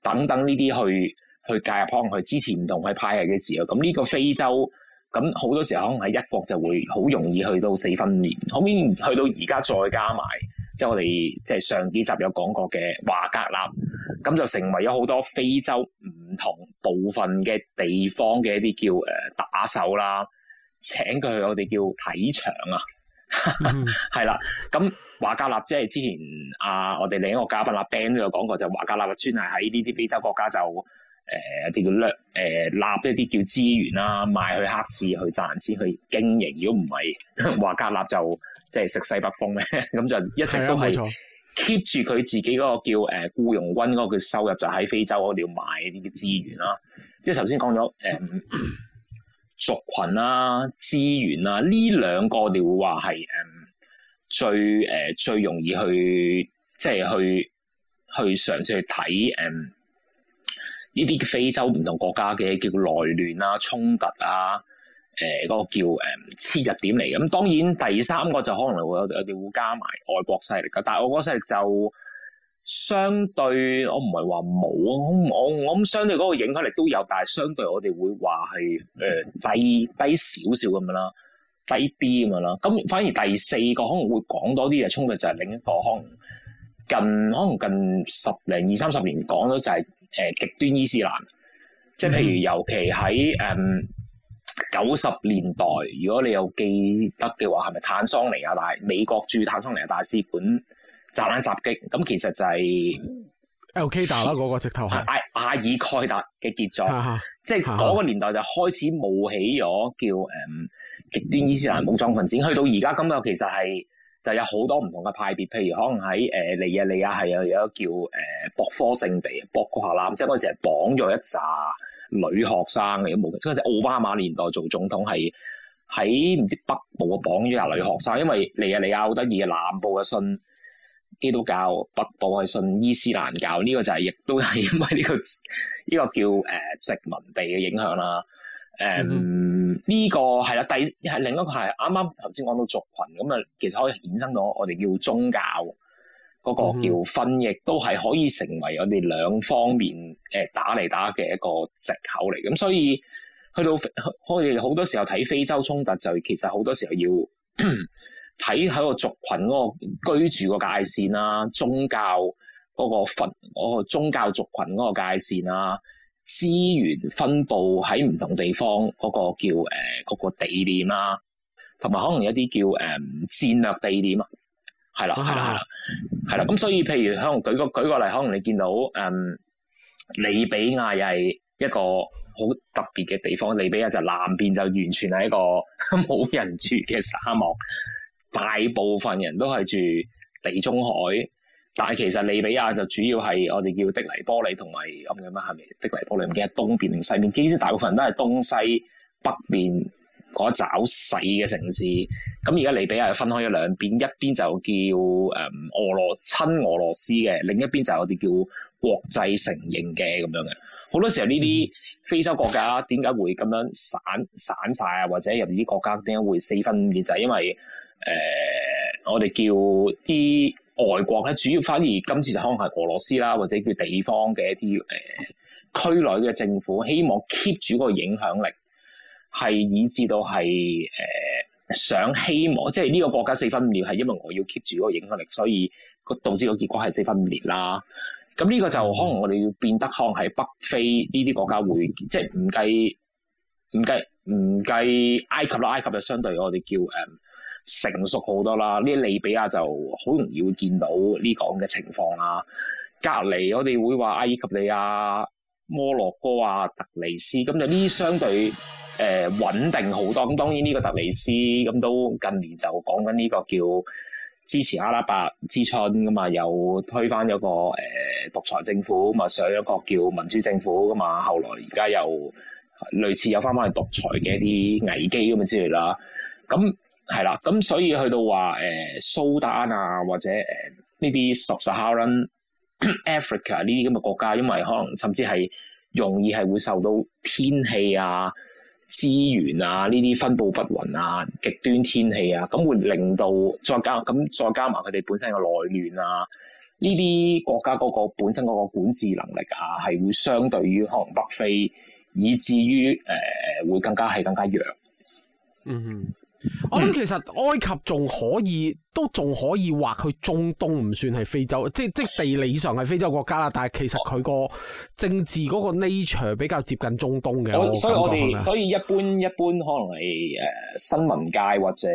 等等呢啲去去介入，可能去支持唔同嘅派系嘅時候，咁呢個非洲咁好多時候可能喺一國就會好容易去到四分裂，後面去到而家再加埋，即係我哋即係上幾集有講過嘅華格納，咁就成為咗好多非洲唔同部分嘅地方嘅一啲叫誒打手啦。請佢去我哋叫睇場啊、mm，係、hmm. 啦。 咁華格納即係之前啊，我哋另一個嘉賓阿、啊、Ben 都有講過，就華格納專係喺呢啲非洲國家就誒、呃呃、一啲叫掠誒拿一啲叫資源啦、啊，賣去黑市去賺錢去經營。如果唔係華格納就即係食西北風咧、啊，咁 就一直都係 keep 住佢自己嗰個叫誒雇傭軍嗰個收入，就喺、是、非洲度要賣啲嘅資源啦、啊。即係頭先講咗誒。嗯 mm hmm. 族群啦、啊、資源啦、啊，呢兩個你哋會話係、嗯、最誒、呃、最容易去即係去去嘗試去睇誒呢啲非洲唔同國家嘅叫內亂啊、衝突啊、誒、呃、嗰、嗰個叫誒切入點嚟。咁當然第三個就可能會有有啲會加埋外國勢力噶，但係外國勢力就。相對，我唔係話冇啊，我我諗相對嗰個影響力都有，但係相對我哋會話係誒低低少少咁樣啦，低啲咁樣啦。咁反而第四個可能會講多啲嘅衝突就係、是、另一個可能近可能近十零二三十年講咗就係誒極端伊斯蘭，即係譬如尤其喺誒九十年代，如果你有記得嘅話，係咪坦桑尼亞大美國駐坦桑尼亞大使館？炸彈襲擊咁，其實就係 Al Qaeda 啦，嗰、那個直頭係、啊、阿爾蓋達嘅傑作， 即係嗰個年代就開始冒起咗叫誒、嗯、極端伊斯蘭武裝分子。去到而家今日其實係就有好多唔同嘅派別，譬如可能喺誒尼日利亞係有有一個叫誒、呃、博科聖地博哥下攬，即係嗰陣時係綁咗一紮女學生嘅都冇。嗰陣時奧巴馬年代做總統係喺唔知北部嘅綁咗一紮女學生，因為尼日利亞好得意嘅南部嘅信。基督教，北部係信伊斯蘭教，呢、這個就係亦都係因為呢、這個呢、這個叫誒殖民地嘅影響啦。誒、um, mm，呢、hmm. 這個係啦，第係另一個係啱啱頭先講到族群，咁啊，其實可以衍生到我哋叫宗教嗰、那個叫分，亦、mm hmm. 都係可以成為我哋兩方面誒打嚟打嘅一個藉口嚟。咁所以去到我哋好多時候睇非洲衝突，就其實好多時候要。 睇喺個族群嗰個居住個界線啦、啊，宗教嗰個分、那個、宗教族群嗰個界線啦、啊，資源分布喺唔同地方嗰、那個叫誒嗰、呃那個地點啦、啊，同埋可能有啲叫誒、呃、戰略地點、啊，係啦係啦係啦。咁、oh. 所以譬如可能舉個舉個例，可能你見到誒、呃、利比亞又係一個好特別嘅地方，利比亞就南邊就完全係一個冇人住嘅沙漠。大部分人都係住地中海，但係其實利比亞就主要係我哋叫的黎波里同埋咁樣啦，係咪？的黎波里唔記得東邊定西邊，其實大部分都係東西北面嗰一紮好細嘅城市。咁而家利比亞係分開咗兩邊，一邊就叫誒俄羅親俄羅斯嘅，另一邊就係我哋叫國際承認嘅咁樣嘅。好多時候呢啲非洲國家點解會咁樣散散晒？啊？或者入邊啲國家點解會四分五裂，就係、因為誒、呃，我哋叫啲外國咧，主要反而今次就可能係俄羅斯啦，或者叫地方嘅一啲誒、呃、區內嘅政府，希望 keep 住嗰個影響力，係以至到係誒、呃、想希望即係呢個國家四分五裂，係因為我要 keep 住嗰個影響力，所以導致個結果係四分五裂啦。咁呢個就可能我哋要變得可能係北非呢啲國家會即係唔計唔計唔計埃及咯，埃及就相對我哋叫誒、呃成熟好多啦，呢啲利比亞就好容易會見到呢個咁嘅情況啦。隔籬我哋會話阿爾及利亞、摩洛哥啊、突尼斯咁就呢啲相對誒穩、呃、定好多。咁當然呢個突尼斯咁都近年就講緊呢個叫支持阿拉伯之春咁啊，又推翻咗個誒獨、呃、裁政府咁啊，上咗個叫民主政府噶嘛。後來而家又類似有翻翻去獨裁嘅一啲危機咁啊之類啦，咁。係啦，咁所以去到話誒、呃、蘇丹啊，或者誒呢、呃、啲 Sub-Saharan Africa 呢啲咁嘅國家，因為可能甚至係容易係會受到天氣啊、資源啊呢啲分佈不均啊、極端天氣啊，咁會令到再加咁再加埋佢哋本身嘅內亂啊，呢啲國家嗰個本身嗰個管治能力啊，係會相對於可能北非，以至於誒、呃、會更加係更加弱。嗯、mm。Hmm. 我諗、嗯、其實埃及仲可以，都仲可以話佢中東，唔算係非洲，即即地理上係非洲國家啦。但係其實佢個政治嗰個 nature 比較接近中東嘅。哦、所以我哋所以一般一般可能係誒、呃、新聞界或者誒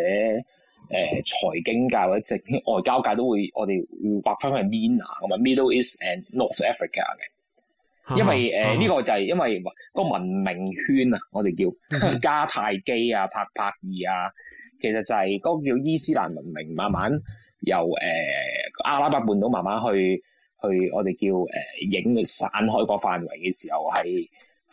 財、呃、經界或者政外交界都會，我哋劃翻係 MENA 咁啊 Middle East and North Africa 嘅。因為誒呢、啊呃、個就係因為個文明圈啊，我哋叫迦太基啊、柏柏爾啊，其實就係嗰個叫伊斯蘭文明，慢慢由誒、呃、阿拉伯半島慢慢去去我哋叫誒影、呃、佢散開個範圍嘅時候，係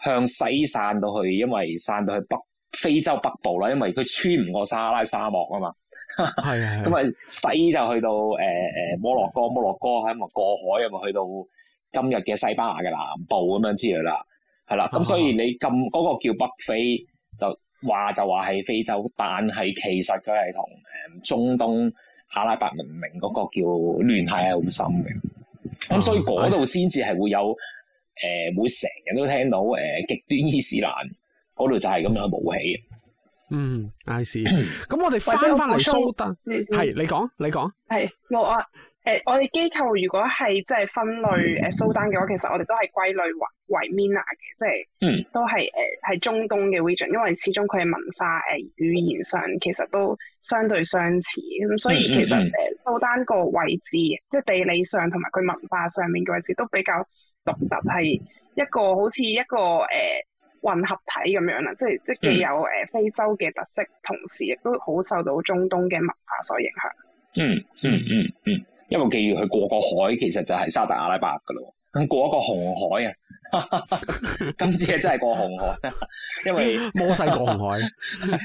向西散到去，因為散到去北非洲北部啦，因為佢穿唔過沙拉沙漠啊嘛。係啊，咁啊西就去到誒誒、呃、摩洛哥，摩洛哥咁咪過海啊，咪去到。今日嘅西班牙嘅南部咁樣之類啦，係啦，咁所以你咁嗰個叫北非，就話就話係非洲，但係其實佢係同誒中東、阿拉伯文明嗰個叫聯繫係好深嘅，咁所以嗰度先至係會有誒，會成日都聽到誒極端伊斯蘭，嗰度就係咁樣嘅武器。嗯，伊斯。咁我哋翻翻嚟蘇丹，係你講，你講。係，冇啊。誒、呃，我哋機構如果係即係分類誒蘇丹嘅話，其實我哋都係歸類為為 MENA 嘅，即係都係誒喺中東嘅 region，因為始終佢係文化誒、呃、語言上其實都相對相似，咁所以其實誒蘇丹個位置，嗯嗯、即係地理上同埋佢文化上面嘅位置都比較獨特，係一個好似一個誒、呃、混合體咁樣啦，即係即係既有誒非洲嘅特色，同時亦都好受到中東嘅文化所影響。嗯。嗯嗯嗯嗯。嗯嗯因為既然佢過個海，其實就係沙特阿拉伯噶咯，咁過一個紅海啊， 今次係真係過紅海， 因為摩 西過紅海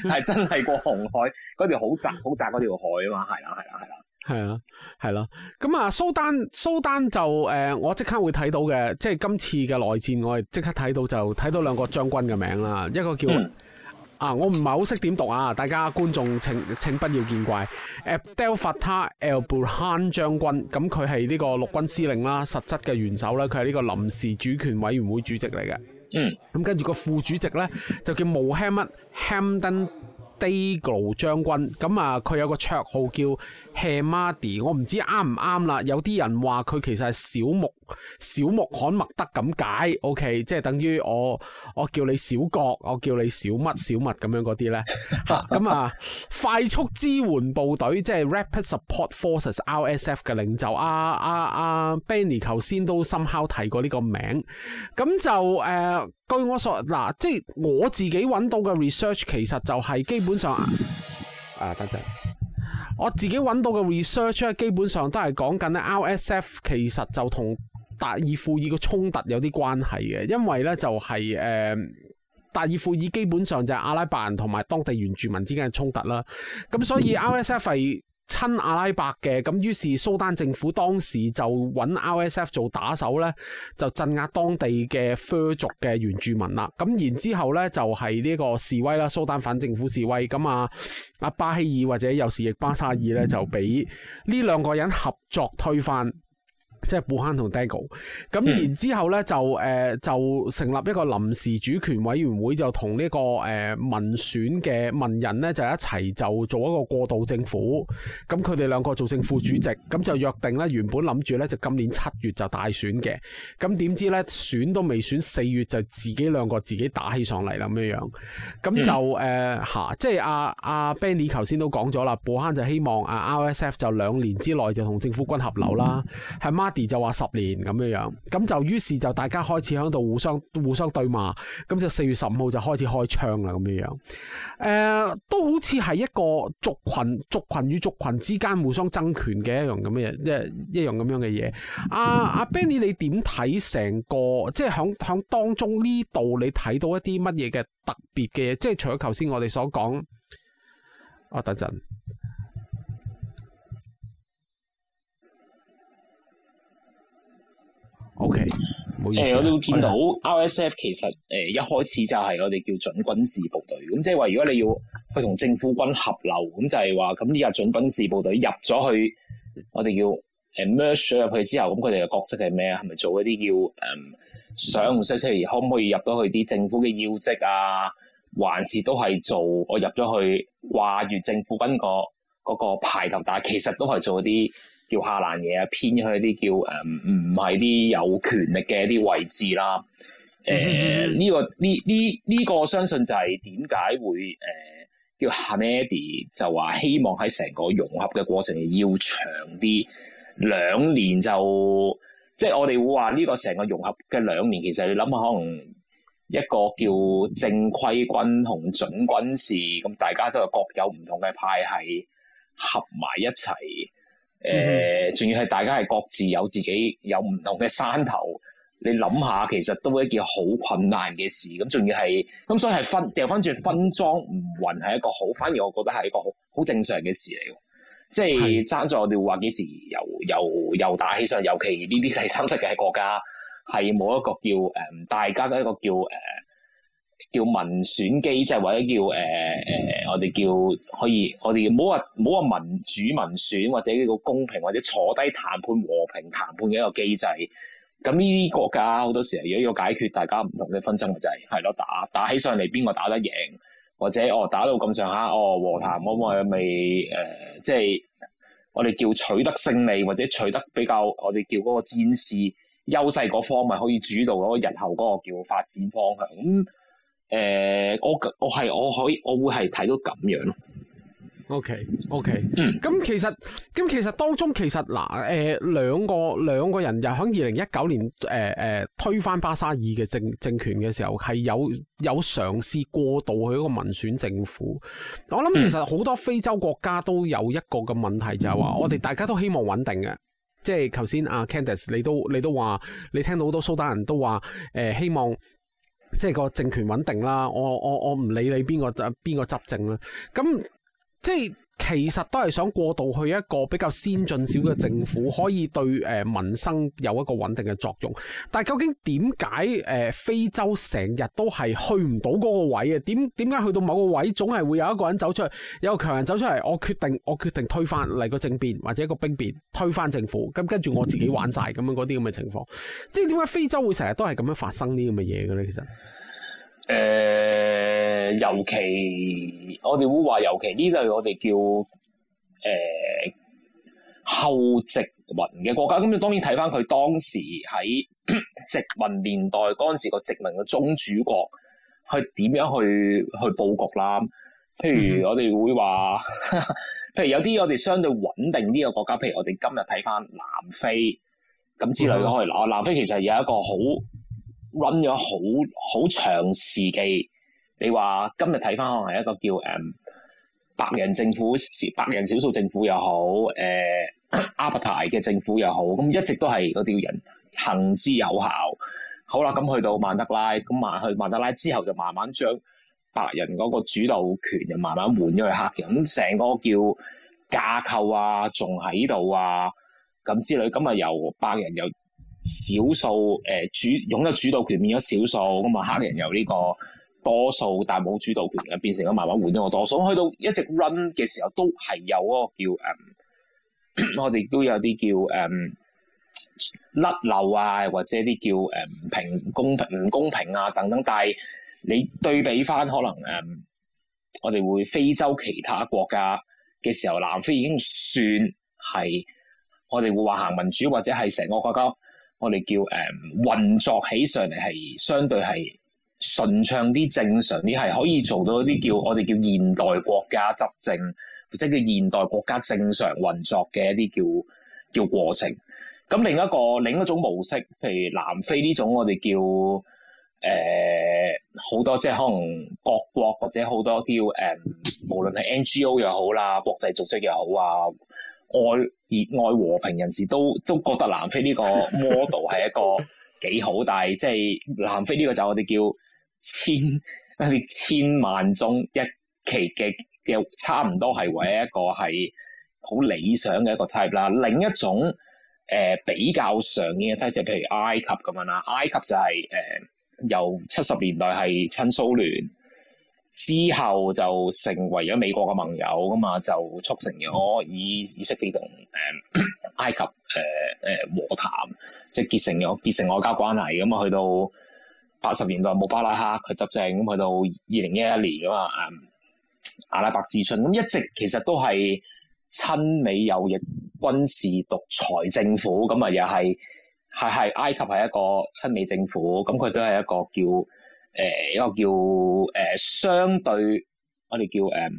係 真係過紅海，嗰條好窄好窄嗰條海啊嘛，係啦係啦係啦，係啦係咯。咁啊，蘇丹蘇丹就誒、呃，我即刻會睇到嘅，即、就、係、是、今次嘅內戰我，我哋即刻睇到就睇到兩個將軍嘅名啦，一個叫。嗯啊，我唔係好識點讀啊，大家觀眾請請不要見怪。誒，Abdel Fattah、ah、El Burhan 將軍，咁佢係呢個陸軍司令啦，實質嘅元首啦，佢係呢個臨時主權委員會主席嚟嘅。嗯。咁跟住個副主席咧，就叫 Mohammed Hamdan Dagalo 將軍，咁啊，佢有個綽號叫。係 Madi，我唔知啱唔啱啦。有啲人話佢其實係小木、小木罕默德咁解，OK，即係等於我我叫你小角，我叫你小乜小乜咁樣嗰啲咧。嚇，咁 啊，啊，快速支援部隊即係 Rapid Support Forces（RSF） 嘅領袖。啊。啊阿、啊、Benny 頭先都深刻提過呢個名。咁就誒、啊，據我所嗱、啊，即係我自己揾到嘅 research，其實就係基本上。啊，得、啊、嘅。我自己揾到嘅 research 咧，基本上都係講緊咧，RSF 其實就同達爾富爾嘅衝突有啲關係嘅，因為呢就係、是、誒、呃、達爾富爾基本上就係阿拉伯人同埋當地原住民之間嘅衝突啦，咁所以 RSF 係。親阿拉伯嘅，咁於是蘇丹政府當時就揾 RSF 做打手呢就鎮壓當地嘅 Fur 族嘅原住民啦。咁然之後呢，就係呢個示威啦，蘇丹反政府示威。咁啊啊巴希爾或者有時亦巴沙爾呢，就俾呢兩個人合作推翻。即係布坑同 Dagalo 咁然之後咧就誒就成立一個臨時主權委員會，就同呢個誒民選嘅文人咧就一齊就做一個過渡政府，咁佢哋兩個做正副主席，咁就約定咧，原本諗住咧就今年七月就大選嘅，咁點知咧選都未選四月就自己兩個自己打起上嚟啦咁樣咁就誒吓，嗯、即係阿阿 Benny 頭先都講咗啦，布坑就希望阿 RSF 就兩年之內就同政府軍合流啦，係咪、嗯爹就話十年咁樣樣，咁就於是就大家開始響度互相互相對罵，咁就四月十五號就開始開槍啦咁樣樣，誒、呃，都好似係一個族群族群與族群之間互相爭權嘅一樣咁嘅嘢，一一,一樣咁樣嘅嘢。阿阿 Benny，你點睇成個？即係響響當中呢度，你睇到一啲乜嘢嘅特別嘅？即係除咗頭先我哋所講，我、哦、等陣。O.K. 誒、嗯啊呃，我哋會見到 RSF 其實誒、呃、一開始就係我哋叫準軍事部隊，咁即係話如果你要佢同政府軍合流，咁就係話咁依家準軍事部隊入咗去，我哋要誒 merge 咗入去之後，咁佢哋嘅角色係咩啊？係咪做一啲要誒上唔上層，可唔可以入到去啲政府嘅要職啊？還是都係做我入咗去掛住政府軍個嗰、那個牌頭帶，但係其實都係做一啲。叫下難嘢啊，偏向一啲叫誒唔唔係啲有權力嘅一啲位置啦。誒、呃、呢、這個呢呢呢個我相信就係點解會誒、呃、叫 Hemedti 就話希望喺成個融合嘅過程要長啲兩年，就即係我哋會話呢個成個融合嘅兩年，其實你諗下可能一個叫正規軍同準軍事咁，大家都係各有唔同嘅派系合埋一齊。誒，仲、嗯呃、要係大家係各自有自己有唔同嘅山頭，你諗下，其實都會一件好困難嘅事。咁、嗯、仲要係，咁、嗯、所以係分掉翻轉分贓唔匀係一個好，反而我覺得係一個好正常嘅事嚟。即係爭咗我哋話幾時又又又打起上，尤其呢啲第三世界嘅國家係冇 一個叫誒、呃，大家一個叫誒。呃叫民選機制，或者叫誒誒、呃，我哋叫可以，我哋唔好話唔好話民主民選，或者呢個公平或者坐低談判和平談判嘅一個機制。咁呢啲國家好多時候如果要解決大家唔同嘅紛爭，就是，咪就係係咯，打打起上嚟邊個打得贏，或者哦打到咁上下哦和談咁啊咪誒即係我哋叫取得勝利或者取得比較我哋叫嗰個戰事優勢嗰方咪可以主導嗰個日後嗰個叫發展方向咁。嗯誒、呃，我我係我可以，我會係睇到咁樣咯。O K，O K，嗯，咁其實咁其實當中其實嗱，誒、呃、兩個兩個人又喺二零一九年，誒、呃、誒、呃、推翻巴沙爾嘅政政權嘅時候，係有有嘗試過渡去一個民選政府。我諗其實好多非洲國家都有一個嘅問題，嗯、就係話我哋大家都希望穩定嘅，即係頭先阿 Candice 你都你都話，你聽到好多蘇丹人都話，誒、呃、希望。即係個政權穩定啦，我我我唔理你邊個執邊個執政啦，咁即係。其實都係想過渡去一個比較先進少嘅政府，可以對誒民生有一個穩定嘅作用。但係究竟點解誒非洲成日都係去唔到嗰個位嘅？點點解去到某個位總係會有一個人走出嚟，有個強人走出嚟？我決定，我決定推翻嚟個政變或者一個兵變，推翻政府。咁跟住我自己玩晒咁樣嗰啲咁嘅情況，即係點解非洲會成日都係咁樣發生呢？咁嘅嘢嘅咧？其實？誒、呃，尤其我哋會話，尤其呢類我哋叫誒、呃、後殖民嘅國家，咁你當然睇翻佢當時喺 殖民年代嗰陣時個殖民嘅宗主國，佢點樣去去佈局啦？譬如我哋會話，嗯、 譬如有啲我哋相對穩定呢個國家，譬如我哋今日睇翻南非咁、嗯、之類嘅，可以嗱，南非其實有一個好 run 咗好好長時期，你話今日睇翻可能係一個叫誒、嗯、白人政府，白人少數政府又好，誒、呃、阿伯泰嘅政府又好，咁一直都係嗰啲人行之有效。好啦，咁、嗯、去到曼德拉，咁、嗯、曼去曼德拉之後就慢慢將白人嗰個主導權又慢慢換咗去黑人，咁、嗯、成個叫架構啊，仲喺度啊，咁之類，咁、嗯、啊由白人又，少數誒、呃、主擁、嗯、有主導權，變咗少數咁啊。黑人由呢個多數，但冇主導權，變成咗慢慢換咗個多數。我去到一直 run 嘅時候，都係有嗰個叫誒、嗯，我哋都有啲叫誒、嗯、甩漏啊，或者啲叫誒唔、嗯、平、公平唔公平啊等等。但係你對比返可能誒、嗯，我哋會非洲其他國家嘅時候，南非已經算係我哋會話行民主，或者係成個國家。我哋叫誒、嗯、運作起上嚟係相對係順暢啲、正常啲，係可以做到一啲叫我哋叫現代國家執政，或者叫現代國家正常運作嘅一啲叫叫過程。咁另一個另一種模式，譬如南非呢種我，我哋叫誒好多，即係可能各國或者好多叫誒、嗯，無論係 NGO 又好啦，國際組織又好啊。愛熱愛和平人士都都覺得南非呢個 model 係一個幾好， 但係即係南非呢個就我哋叫千一啲千萬宗一期嘅嘅差唔多係唯一一個係好理想嘅一個 type 啦。另一種誒、呃、比較常見嘅 type 就係譬如埃及咁樣啦，埃及就係誒由七十年代係親蘇聯。之後就成為咗美國嘅盟友咁嘛，就促成咗以以色列同誒埃及誒誒、呃、和談，即係結成咗結成外交關係咁啊，去到八十年代穆巴拉克佢執政咁，去到二零一一年咁啊、嗯，阿拉伯之春咁一直其實都係親美右翼軍事獨裁政府咁啊，又係係係埃及係一個親美政府咁，佢都係一個叫。誒，一個叫誒相對，我哋叫誒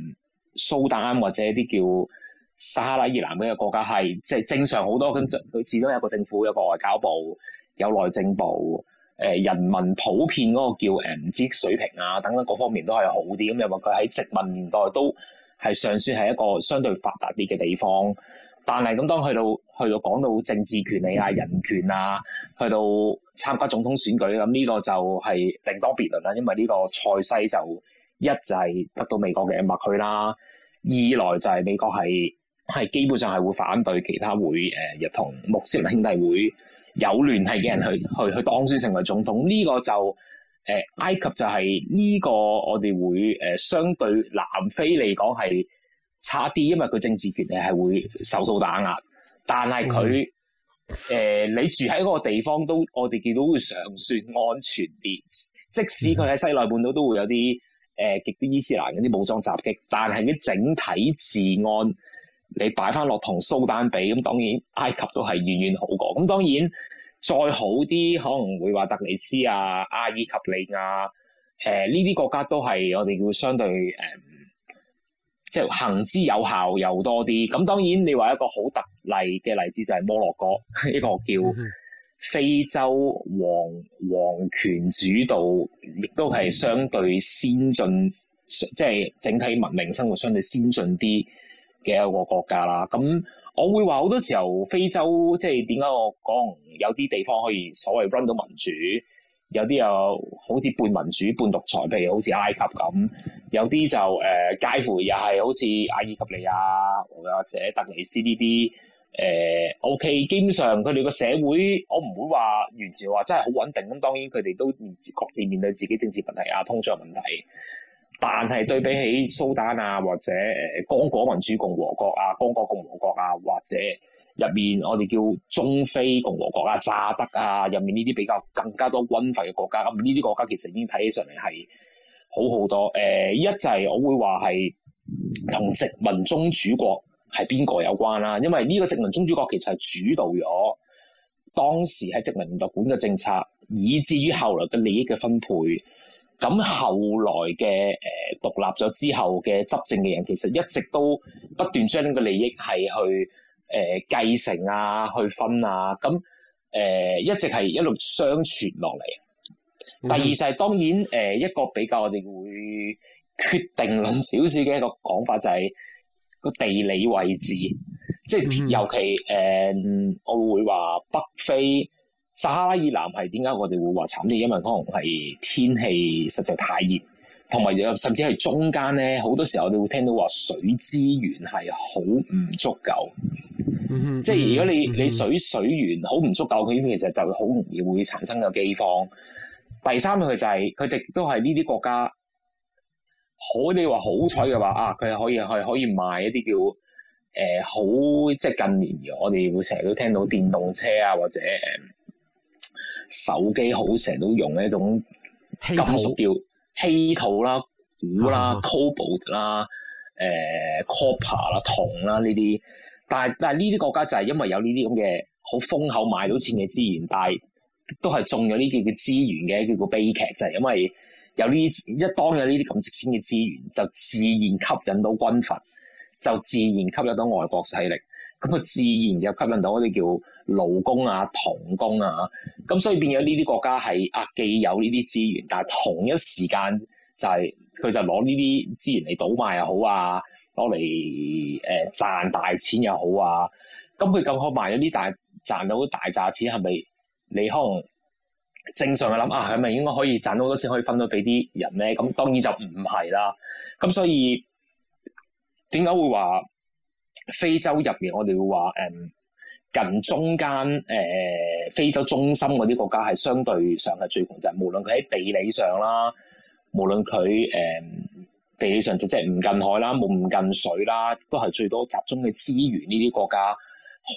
蘇丹或者一啲叫撒哈拉以南嘅國家係即係正常好多，咁就佢始終有個政府，有個外交部，有內政部，誒人民普遍嗰個叫誒唔知水平啊等等各方面都係好啲，咁又話佢喺殖民年代都係尚算係一個相對發達啲嘅地方。但係咁，當去到去到講到政治權利啊、人權啊，去到參加總統選舉咁，呢個就係另當別論啦。因為呢個賽西就一就係得到美國嘅默許啦，二來就係美國係係基本上係會反對其他會誒日同穆斯林兄弟會有聯繫嘅人去 去去當選成為總統。呢、這個就誒、呃、埃及就係呢個我哋會誒、呃、相對南非嚟講係。差啲，因為佢政治權利係會受到打壓，但係佢誒你住喺嗰個地方都，我哋見到會尚算安全啲。即使佢喺西奈半島都會有啲誒、呃、極端、伊斯蘭嗰啲武裝襲擊，但係啲整體治安你擺翻落同蘇丹比，咁、嗯、當然埃及都係遠遠好過。咁、嗯、當然再好啲可能會話突尼斯啊、阿爾及利亞誒呢啲國家都係我哋叫相對誒。呃即係行之有效又多啲咁，當然你話一個好特例嘅例子就係摩洛哥，一個叫非洲王王權主導，亦都係相對先進，即係整體文明生活相對先進啲嘅一個國家啦。咁我會話好多時候非洲即係點解我講有啲地方可以所謂 run 到民主？有啲又好似半民主半獨裁，譬如好似埃及咁；有啲就誒，介乎又係好似阿爾及利亞或者突尼斯呢啲誒 OK。基本上佢哋個社會，我唔會話完全話真係好穩定。咁當然佢哋都各自面對自己政治問題啊、通脹問題。但係對比起蘇丹啊，或者誒剛果民主共和國啊、剛果共和國啊，或者，入面我哋叫中非共和國啊、乍得啊，入面呢啲比較更加多軍閥嘅國家，咁呢啲國家其實已經睇起上嚟係好好多。誒、呃，一就係我會話係同殖民宗主國係邊個有關啦、啊，因為呢個殖民宗主國其實係主導咗當時喺殖民地管嘅政策，以至於後來嘅利益嘅分配。咁後來嘅誒、呃、獨立咗之後嘅執政嘅人，其實一直都不斷將呢個利益係去。誒，繼、呃、承啊，去分啊，咁、呃、誒，一直係一路相傳落嚟。Mm hmm. 第二就係、是、當然誒、呃，一個比較我哋會決定論少少嘅一個講法就係個地理位置，即係、mm hmm. 尤其，誒、呃，我會話北非撒哈拉以南係點解我哋會話慘啲，因為可能係天氣實在太熱。同埋甚至係中間咧，好多時候我哋會聽到話水資源係好唔足夠，即係如果你你水水源好唔足夠，佢其實就好容易會產生個饑荒。第三個佢就係佢哋都係呢啲國家，你話好彩嘅話啊，佢可以係可，可以賣一啲叫誒、呃、好，即係近年我哋會成日都聽到電動車啊，或者手機好成日都用一種金屬統叫。稀土啦、股啦、cobalt 啦、啊、誒 copper 啦、銅啦呢啲，但係但係呢啲國家就係因為有呢啲咁嘅好豐厚賣到錢嘅資源，但係都係仲有呢啲嘅資源嘅叫做悲劇，就係、是、因為有呢啲，一當有呢啲咁值錢嘅資源，就自然吸引到軍閥，就自然吸引到外國勢力，咁啊自然就吸引到嗰啲叫。勞工啊、童工啊，咁所以變咗呢啲國家係啊，既有呢啲資源，但係同一時間就係、是、佢就攞呢啲資源嚟倒賣又好啊，攞嚟誒賺大錢又好啊，咁佢咁可賣咗啲大賺到大炸錢，係咪你可能正常嘅諗啊？係咪應該可以賺到好多錢，可以分到俾啲人咧？咁、嗯、當然就唔係啦。咁所以點解會話非洲入面我，我哋會話誒？近中間誒、呃、非洲中心嗰啲國家係相對上係最窮嘅、就係，無論佢喺地理上啦，無論佢誒地理上就即係唔近海啦，冇唔近水啦，都係最多集中嘅資源，呢啲國家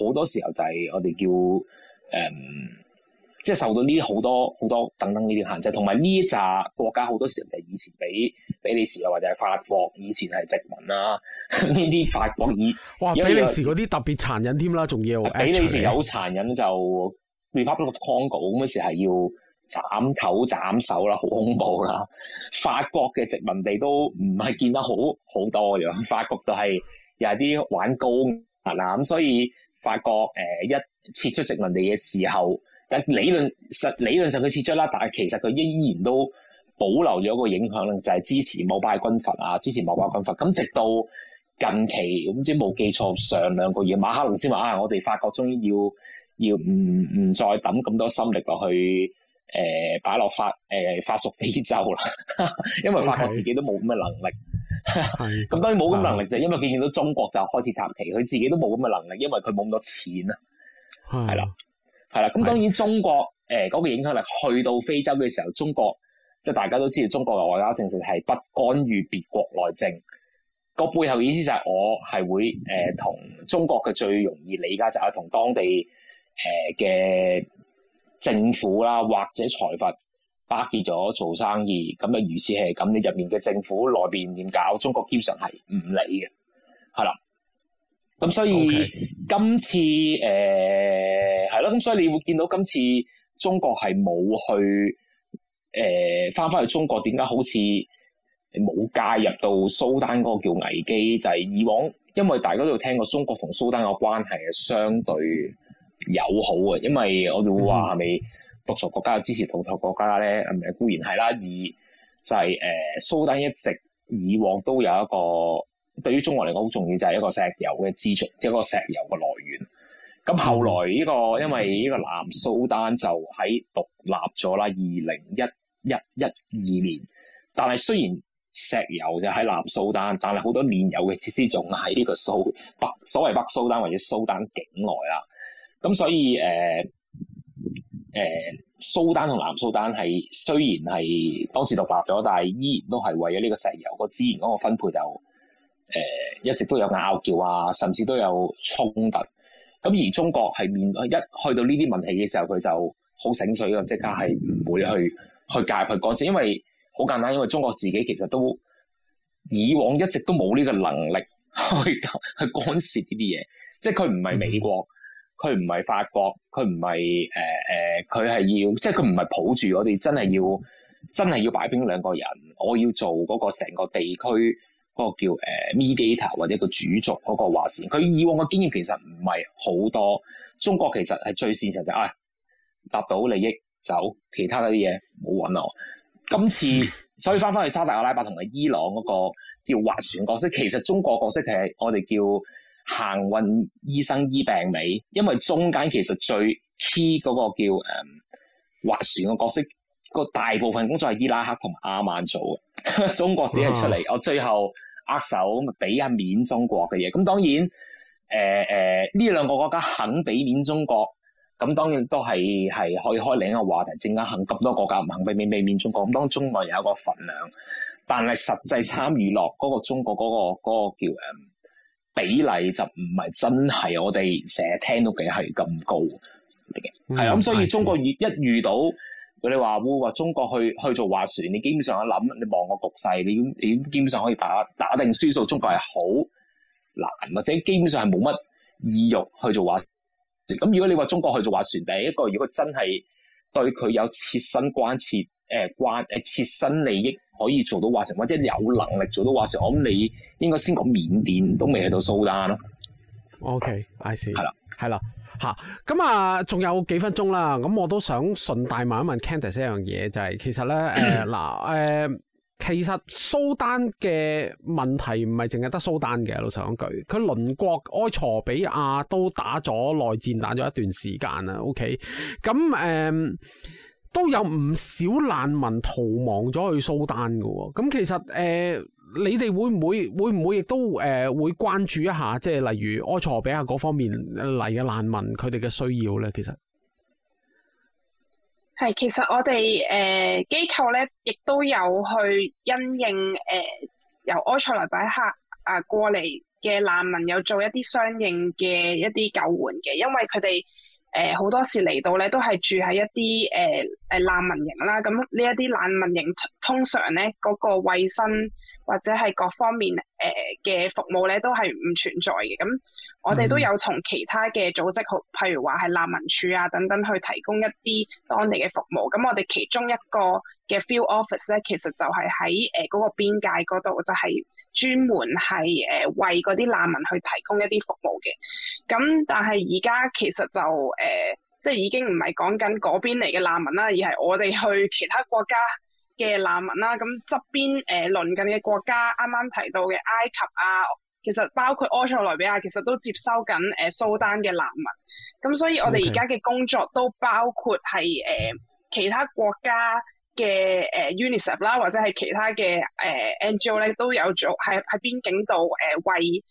好多時候就係我哋叫誒。呃即係受到呢啲好多好多等等呢啲限制，同埋呢一紮國家好多時候就係以前俾比，比利時又或者係法、啊、 法國以前係殖民啦。呢啲法國以哇俾利時嗰啲特別殘忍添、啊、啦，仲要比利時有殘忍就 Republic of Congo 咁嗰時係要斬頭斬手啦，好恐怖啦、啊。法國嘅殖民地都唔係見得好好多樣、啊，法國都係又係啲玩高啊嗱咁，所以法國誒、呃、一撤出殖民地嘅時候。理論實理論上佢撤出啦，但係其實佢依然都保留咗一個影響力，就係、是、支持某拜軍閥啊，支持某拜軍閥。咁直到近期，唔知冇記錯，上兩個月馬克龍先話啊，我哋法國終於要要唔唔再抌咁多心力落去誒擺落法誒、呃、法屬非洲啦， 因為法國自己都冇咁嘅能力。係 Okay. 的。咁當然冇咁嘅能力就係、嗯、因為見到中國就開始插旗，佢自己都冇咁嘅能力，因為佢冇咁多錢啊。係、嗯。啦。 係啦，咁當然中國誒嗰、呃那個影響力去到非洲嘅時候，中國即係大家都知道中國嘅外交政策係不干預別國內政，個背後意思就係、是、我係會誒、呃、同中國嘅最容易理解就係同當地誒嘅、呃、政府啦或者財閥巴結咗做生意，咁啊如此係咁，你入面嘅政府內邊點搞，中國基本上係唔理嘅，係啦。咁所以 Okay. 今次誒係咯，咁、呃、所以你會見到今次中國係冇去誒翻返去中國，點解好似冇介入到蘇丹嗰個叫危機就係、是、以往，因為大家都聽過中國同蘇丹嘅關係係相對友好啊，因為我哋會話係咪獨裁國家嘅支持獨裁國家咧？係、嗯、咪固然係啦，以就係、是、誒、呃、蘇丹一直以往都有一個。對於中國嚟講，好重要就係一個石油嘅資源，即係一個石油嘅來源。咁後來呢個因為呢個南蘇丹就喺獨立咗啦，二零一一一二年。但係雖然石油就喺南蘇丹，但係好多煉油嘅設施仲喺呢個蘇北，所謂北蘇丹或者蘇丹境內啊。咁所以誒誒，蘇丹同南蘇丹係雖然係當時獨立咗，但係依然都係為咗呢個石油個資源嗰個分配就。誒、呃、一直都有拗撬啊，甚至都有衝突。咁而中國係面一去到呢啲問題嘅時候，佢就好醒水，即刻係唔會去去介入去干涉，因為好簡單，因為中國自己其實都以往一直都冇呢個能力去去干涉呢啲嘢，即係佢唔係美國，佢唔係法國，佢唔係誒誒，佢、呃、係、呃、要即係佢唔係抱住我哋，真係要真係要擺平兩個人，我要做嗰個成個地區。嗰個叫誒、uh, mediator 或者一個主軸嗰個划船，佢以往嘅經驗其實唔係好多。中國其實係最擅長就啊，搭到利益，走，其他嗰啲嘢冇搵我。今次所以翻翻去沙特阿拉伯同埋伊朗嗰個叫划船角色，其實中國角色係我哋叫行運醫生醫病尾，因為中間其實最 key 嗰個叫誒划、um, 船嘅角色。個大部分工作係伊拉克同阿曼做嘅，中國只係出嚟。Oh. 我最後握手俾下面中國嘅嘢。咁當然，誒誒呢兩個國家肯俾面中國，咁當然都係係可以開另一個話題。陣間肯咁多國家唔肯俾面俾面中國，咁當中國有一個份量，但係實際參與落嗰個中國嗰、那個那個叫誒比例就唔係真係我哋成日聽到嘅係咁高嘅，係啦、嗯。咁所以中國遇一遇到。如果你話會話中國去去做話船，你基本上一諗，你望個局勢，你點基本上可以打打定輸數。中國係好難，或者基本上係冇乜意欲去做話船。咁如果你話中國去做話船，第一個如果真係對佢有切身關切，誒關誒切身利益可以做到話船，或者有能力做到話船，我諗你應該先講緬甸都未去到蘇丹咯。OK，I see，係啦，係啦。嚇，咁啊、嗯，仲有幾分鐘啦，咁、嗯、我都想順帶問一問 Candice 一樣嘢，就係、是、其實呢，嗱、呃，誒、呃、其實蘇丹嘅問題唔係淨係得蘇丹嘅，老實講句，佢鄰國埃塞俄比亞都打咗內戰，打咗一段時間啦，OK，咁、嗯、誒、呃、都有唔少難民逃亡咗去蘇丹㗎喎，咁、嗯、其實誒。呃你哋會唔會會唔會亦都誒、呃、會關注一下，即係例如埃塞俄比亞嗰方面嚟嘅難民佢哋嘅需要咧？其實係，其實我哋誒、呃、機構咧，亦都有去因應誒、呃、由埃塞俄比亞啊過嚟嘅難民，有做一啲相應嘅一啲救援嘅，因為佢哋誒好多時嚟到咧都係住喺一啲誒誒難民營啦。咁呢一啲難民營通常咧嗰、那個衞生。或者係各方面誒嘅、呃、服務咧，都係唔存在嘅。咁我哋都有同其他嘅組織，好譬如話係難民署啊等等，去提供一啲當地嘅服務。咁我哋其中一個嘅 field office 咧，其實就係喺誒嗰個邊界嗰度，就係、是、專門係誒、呃、為嗰啲難民去提供一啲服務嘅。咁但係而家其實就誒、呃，即係已經唔係講緊嗰邊嚟嘅難民啦，而係我哋去其他國家嘅難民啦，咁側邊誒鄰、呃、近嘅國家，啱啱提到嘅埃及啊，其實包括埃塞俄比亞，其實都接收緊誒蘇丹嘅難民。咁所以我哋而家嘅工作都包括係誒、呃、其他國家嘅誒、呃、UNICEF 啦，或者係其他嘅誒 NGO 咧，都有做喺喺邊境度誒、呃、為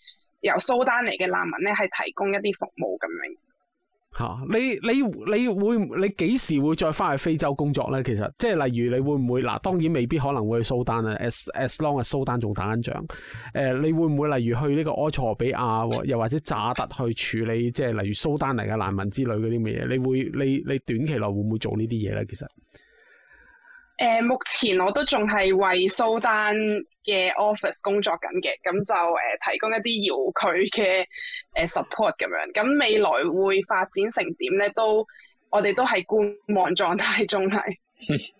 由蘇丹嚟嘅難民咧係提供一啲服務咁樣。吓你你你會你幾時會再翻去非洲工作咧？其實即係例如你會唔會嗱？當然未必可能會去蘇丹啊。as as long as 蘇丹仲打緊仗，誒、呃，你會唔會例如去呢個埃塞俄比亞又或者乍得去處理即係例如蘇丹嚟嘅難民之類嗰啲乜嘢？你會你你短期內會唔會做呢啲嘢咧？其實誒、呃，目前我都仲係為蘇丹嘅 office 工作緊嘅，咁就誒提供一啲遙距嘅。誒、呃、support 咁樣，咁未來會發展成點咧？都我哋都係觀望狀態中係。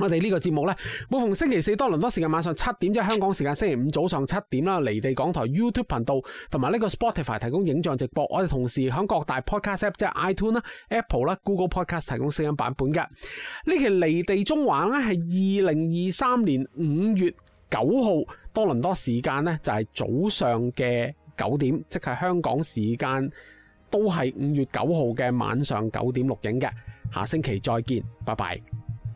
我哋呢個節目呢，每逢星期四多倫多時間晚上七點，即係香港時間星期五早上七點啦，離地港台 YouTube 頻道同埋呢個 Spotify 提供影像直播。我哋同時喺各大 Podcast app，即係 iTune 啦、Apple 啦、Google Podcast，提供聲音版本嘅。呢期離地縱橫呢，係二零二三年五月九號多倫多時間呢，就係早上嘅九點，即係香港時間都係五月九號嘅晚上九點錄影嘅。下星期再見，拜拜。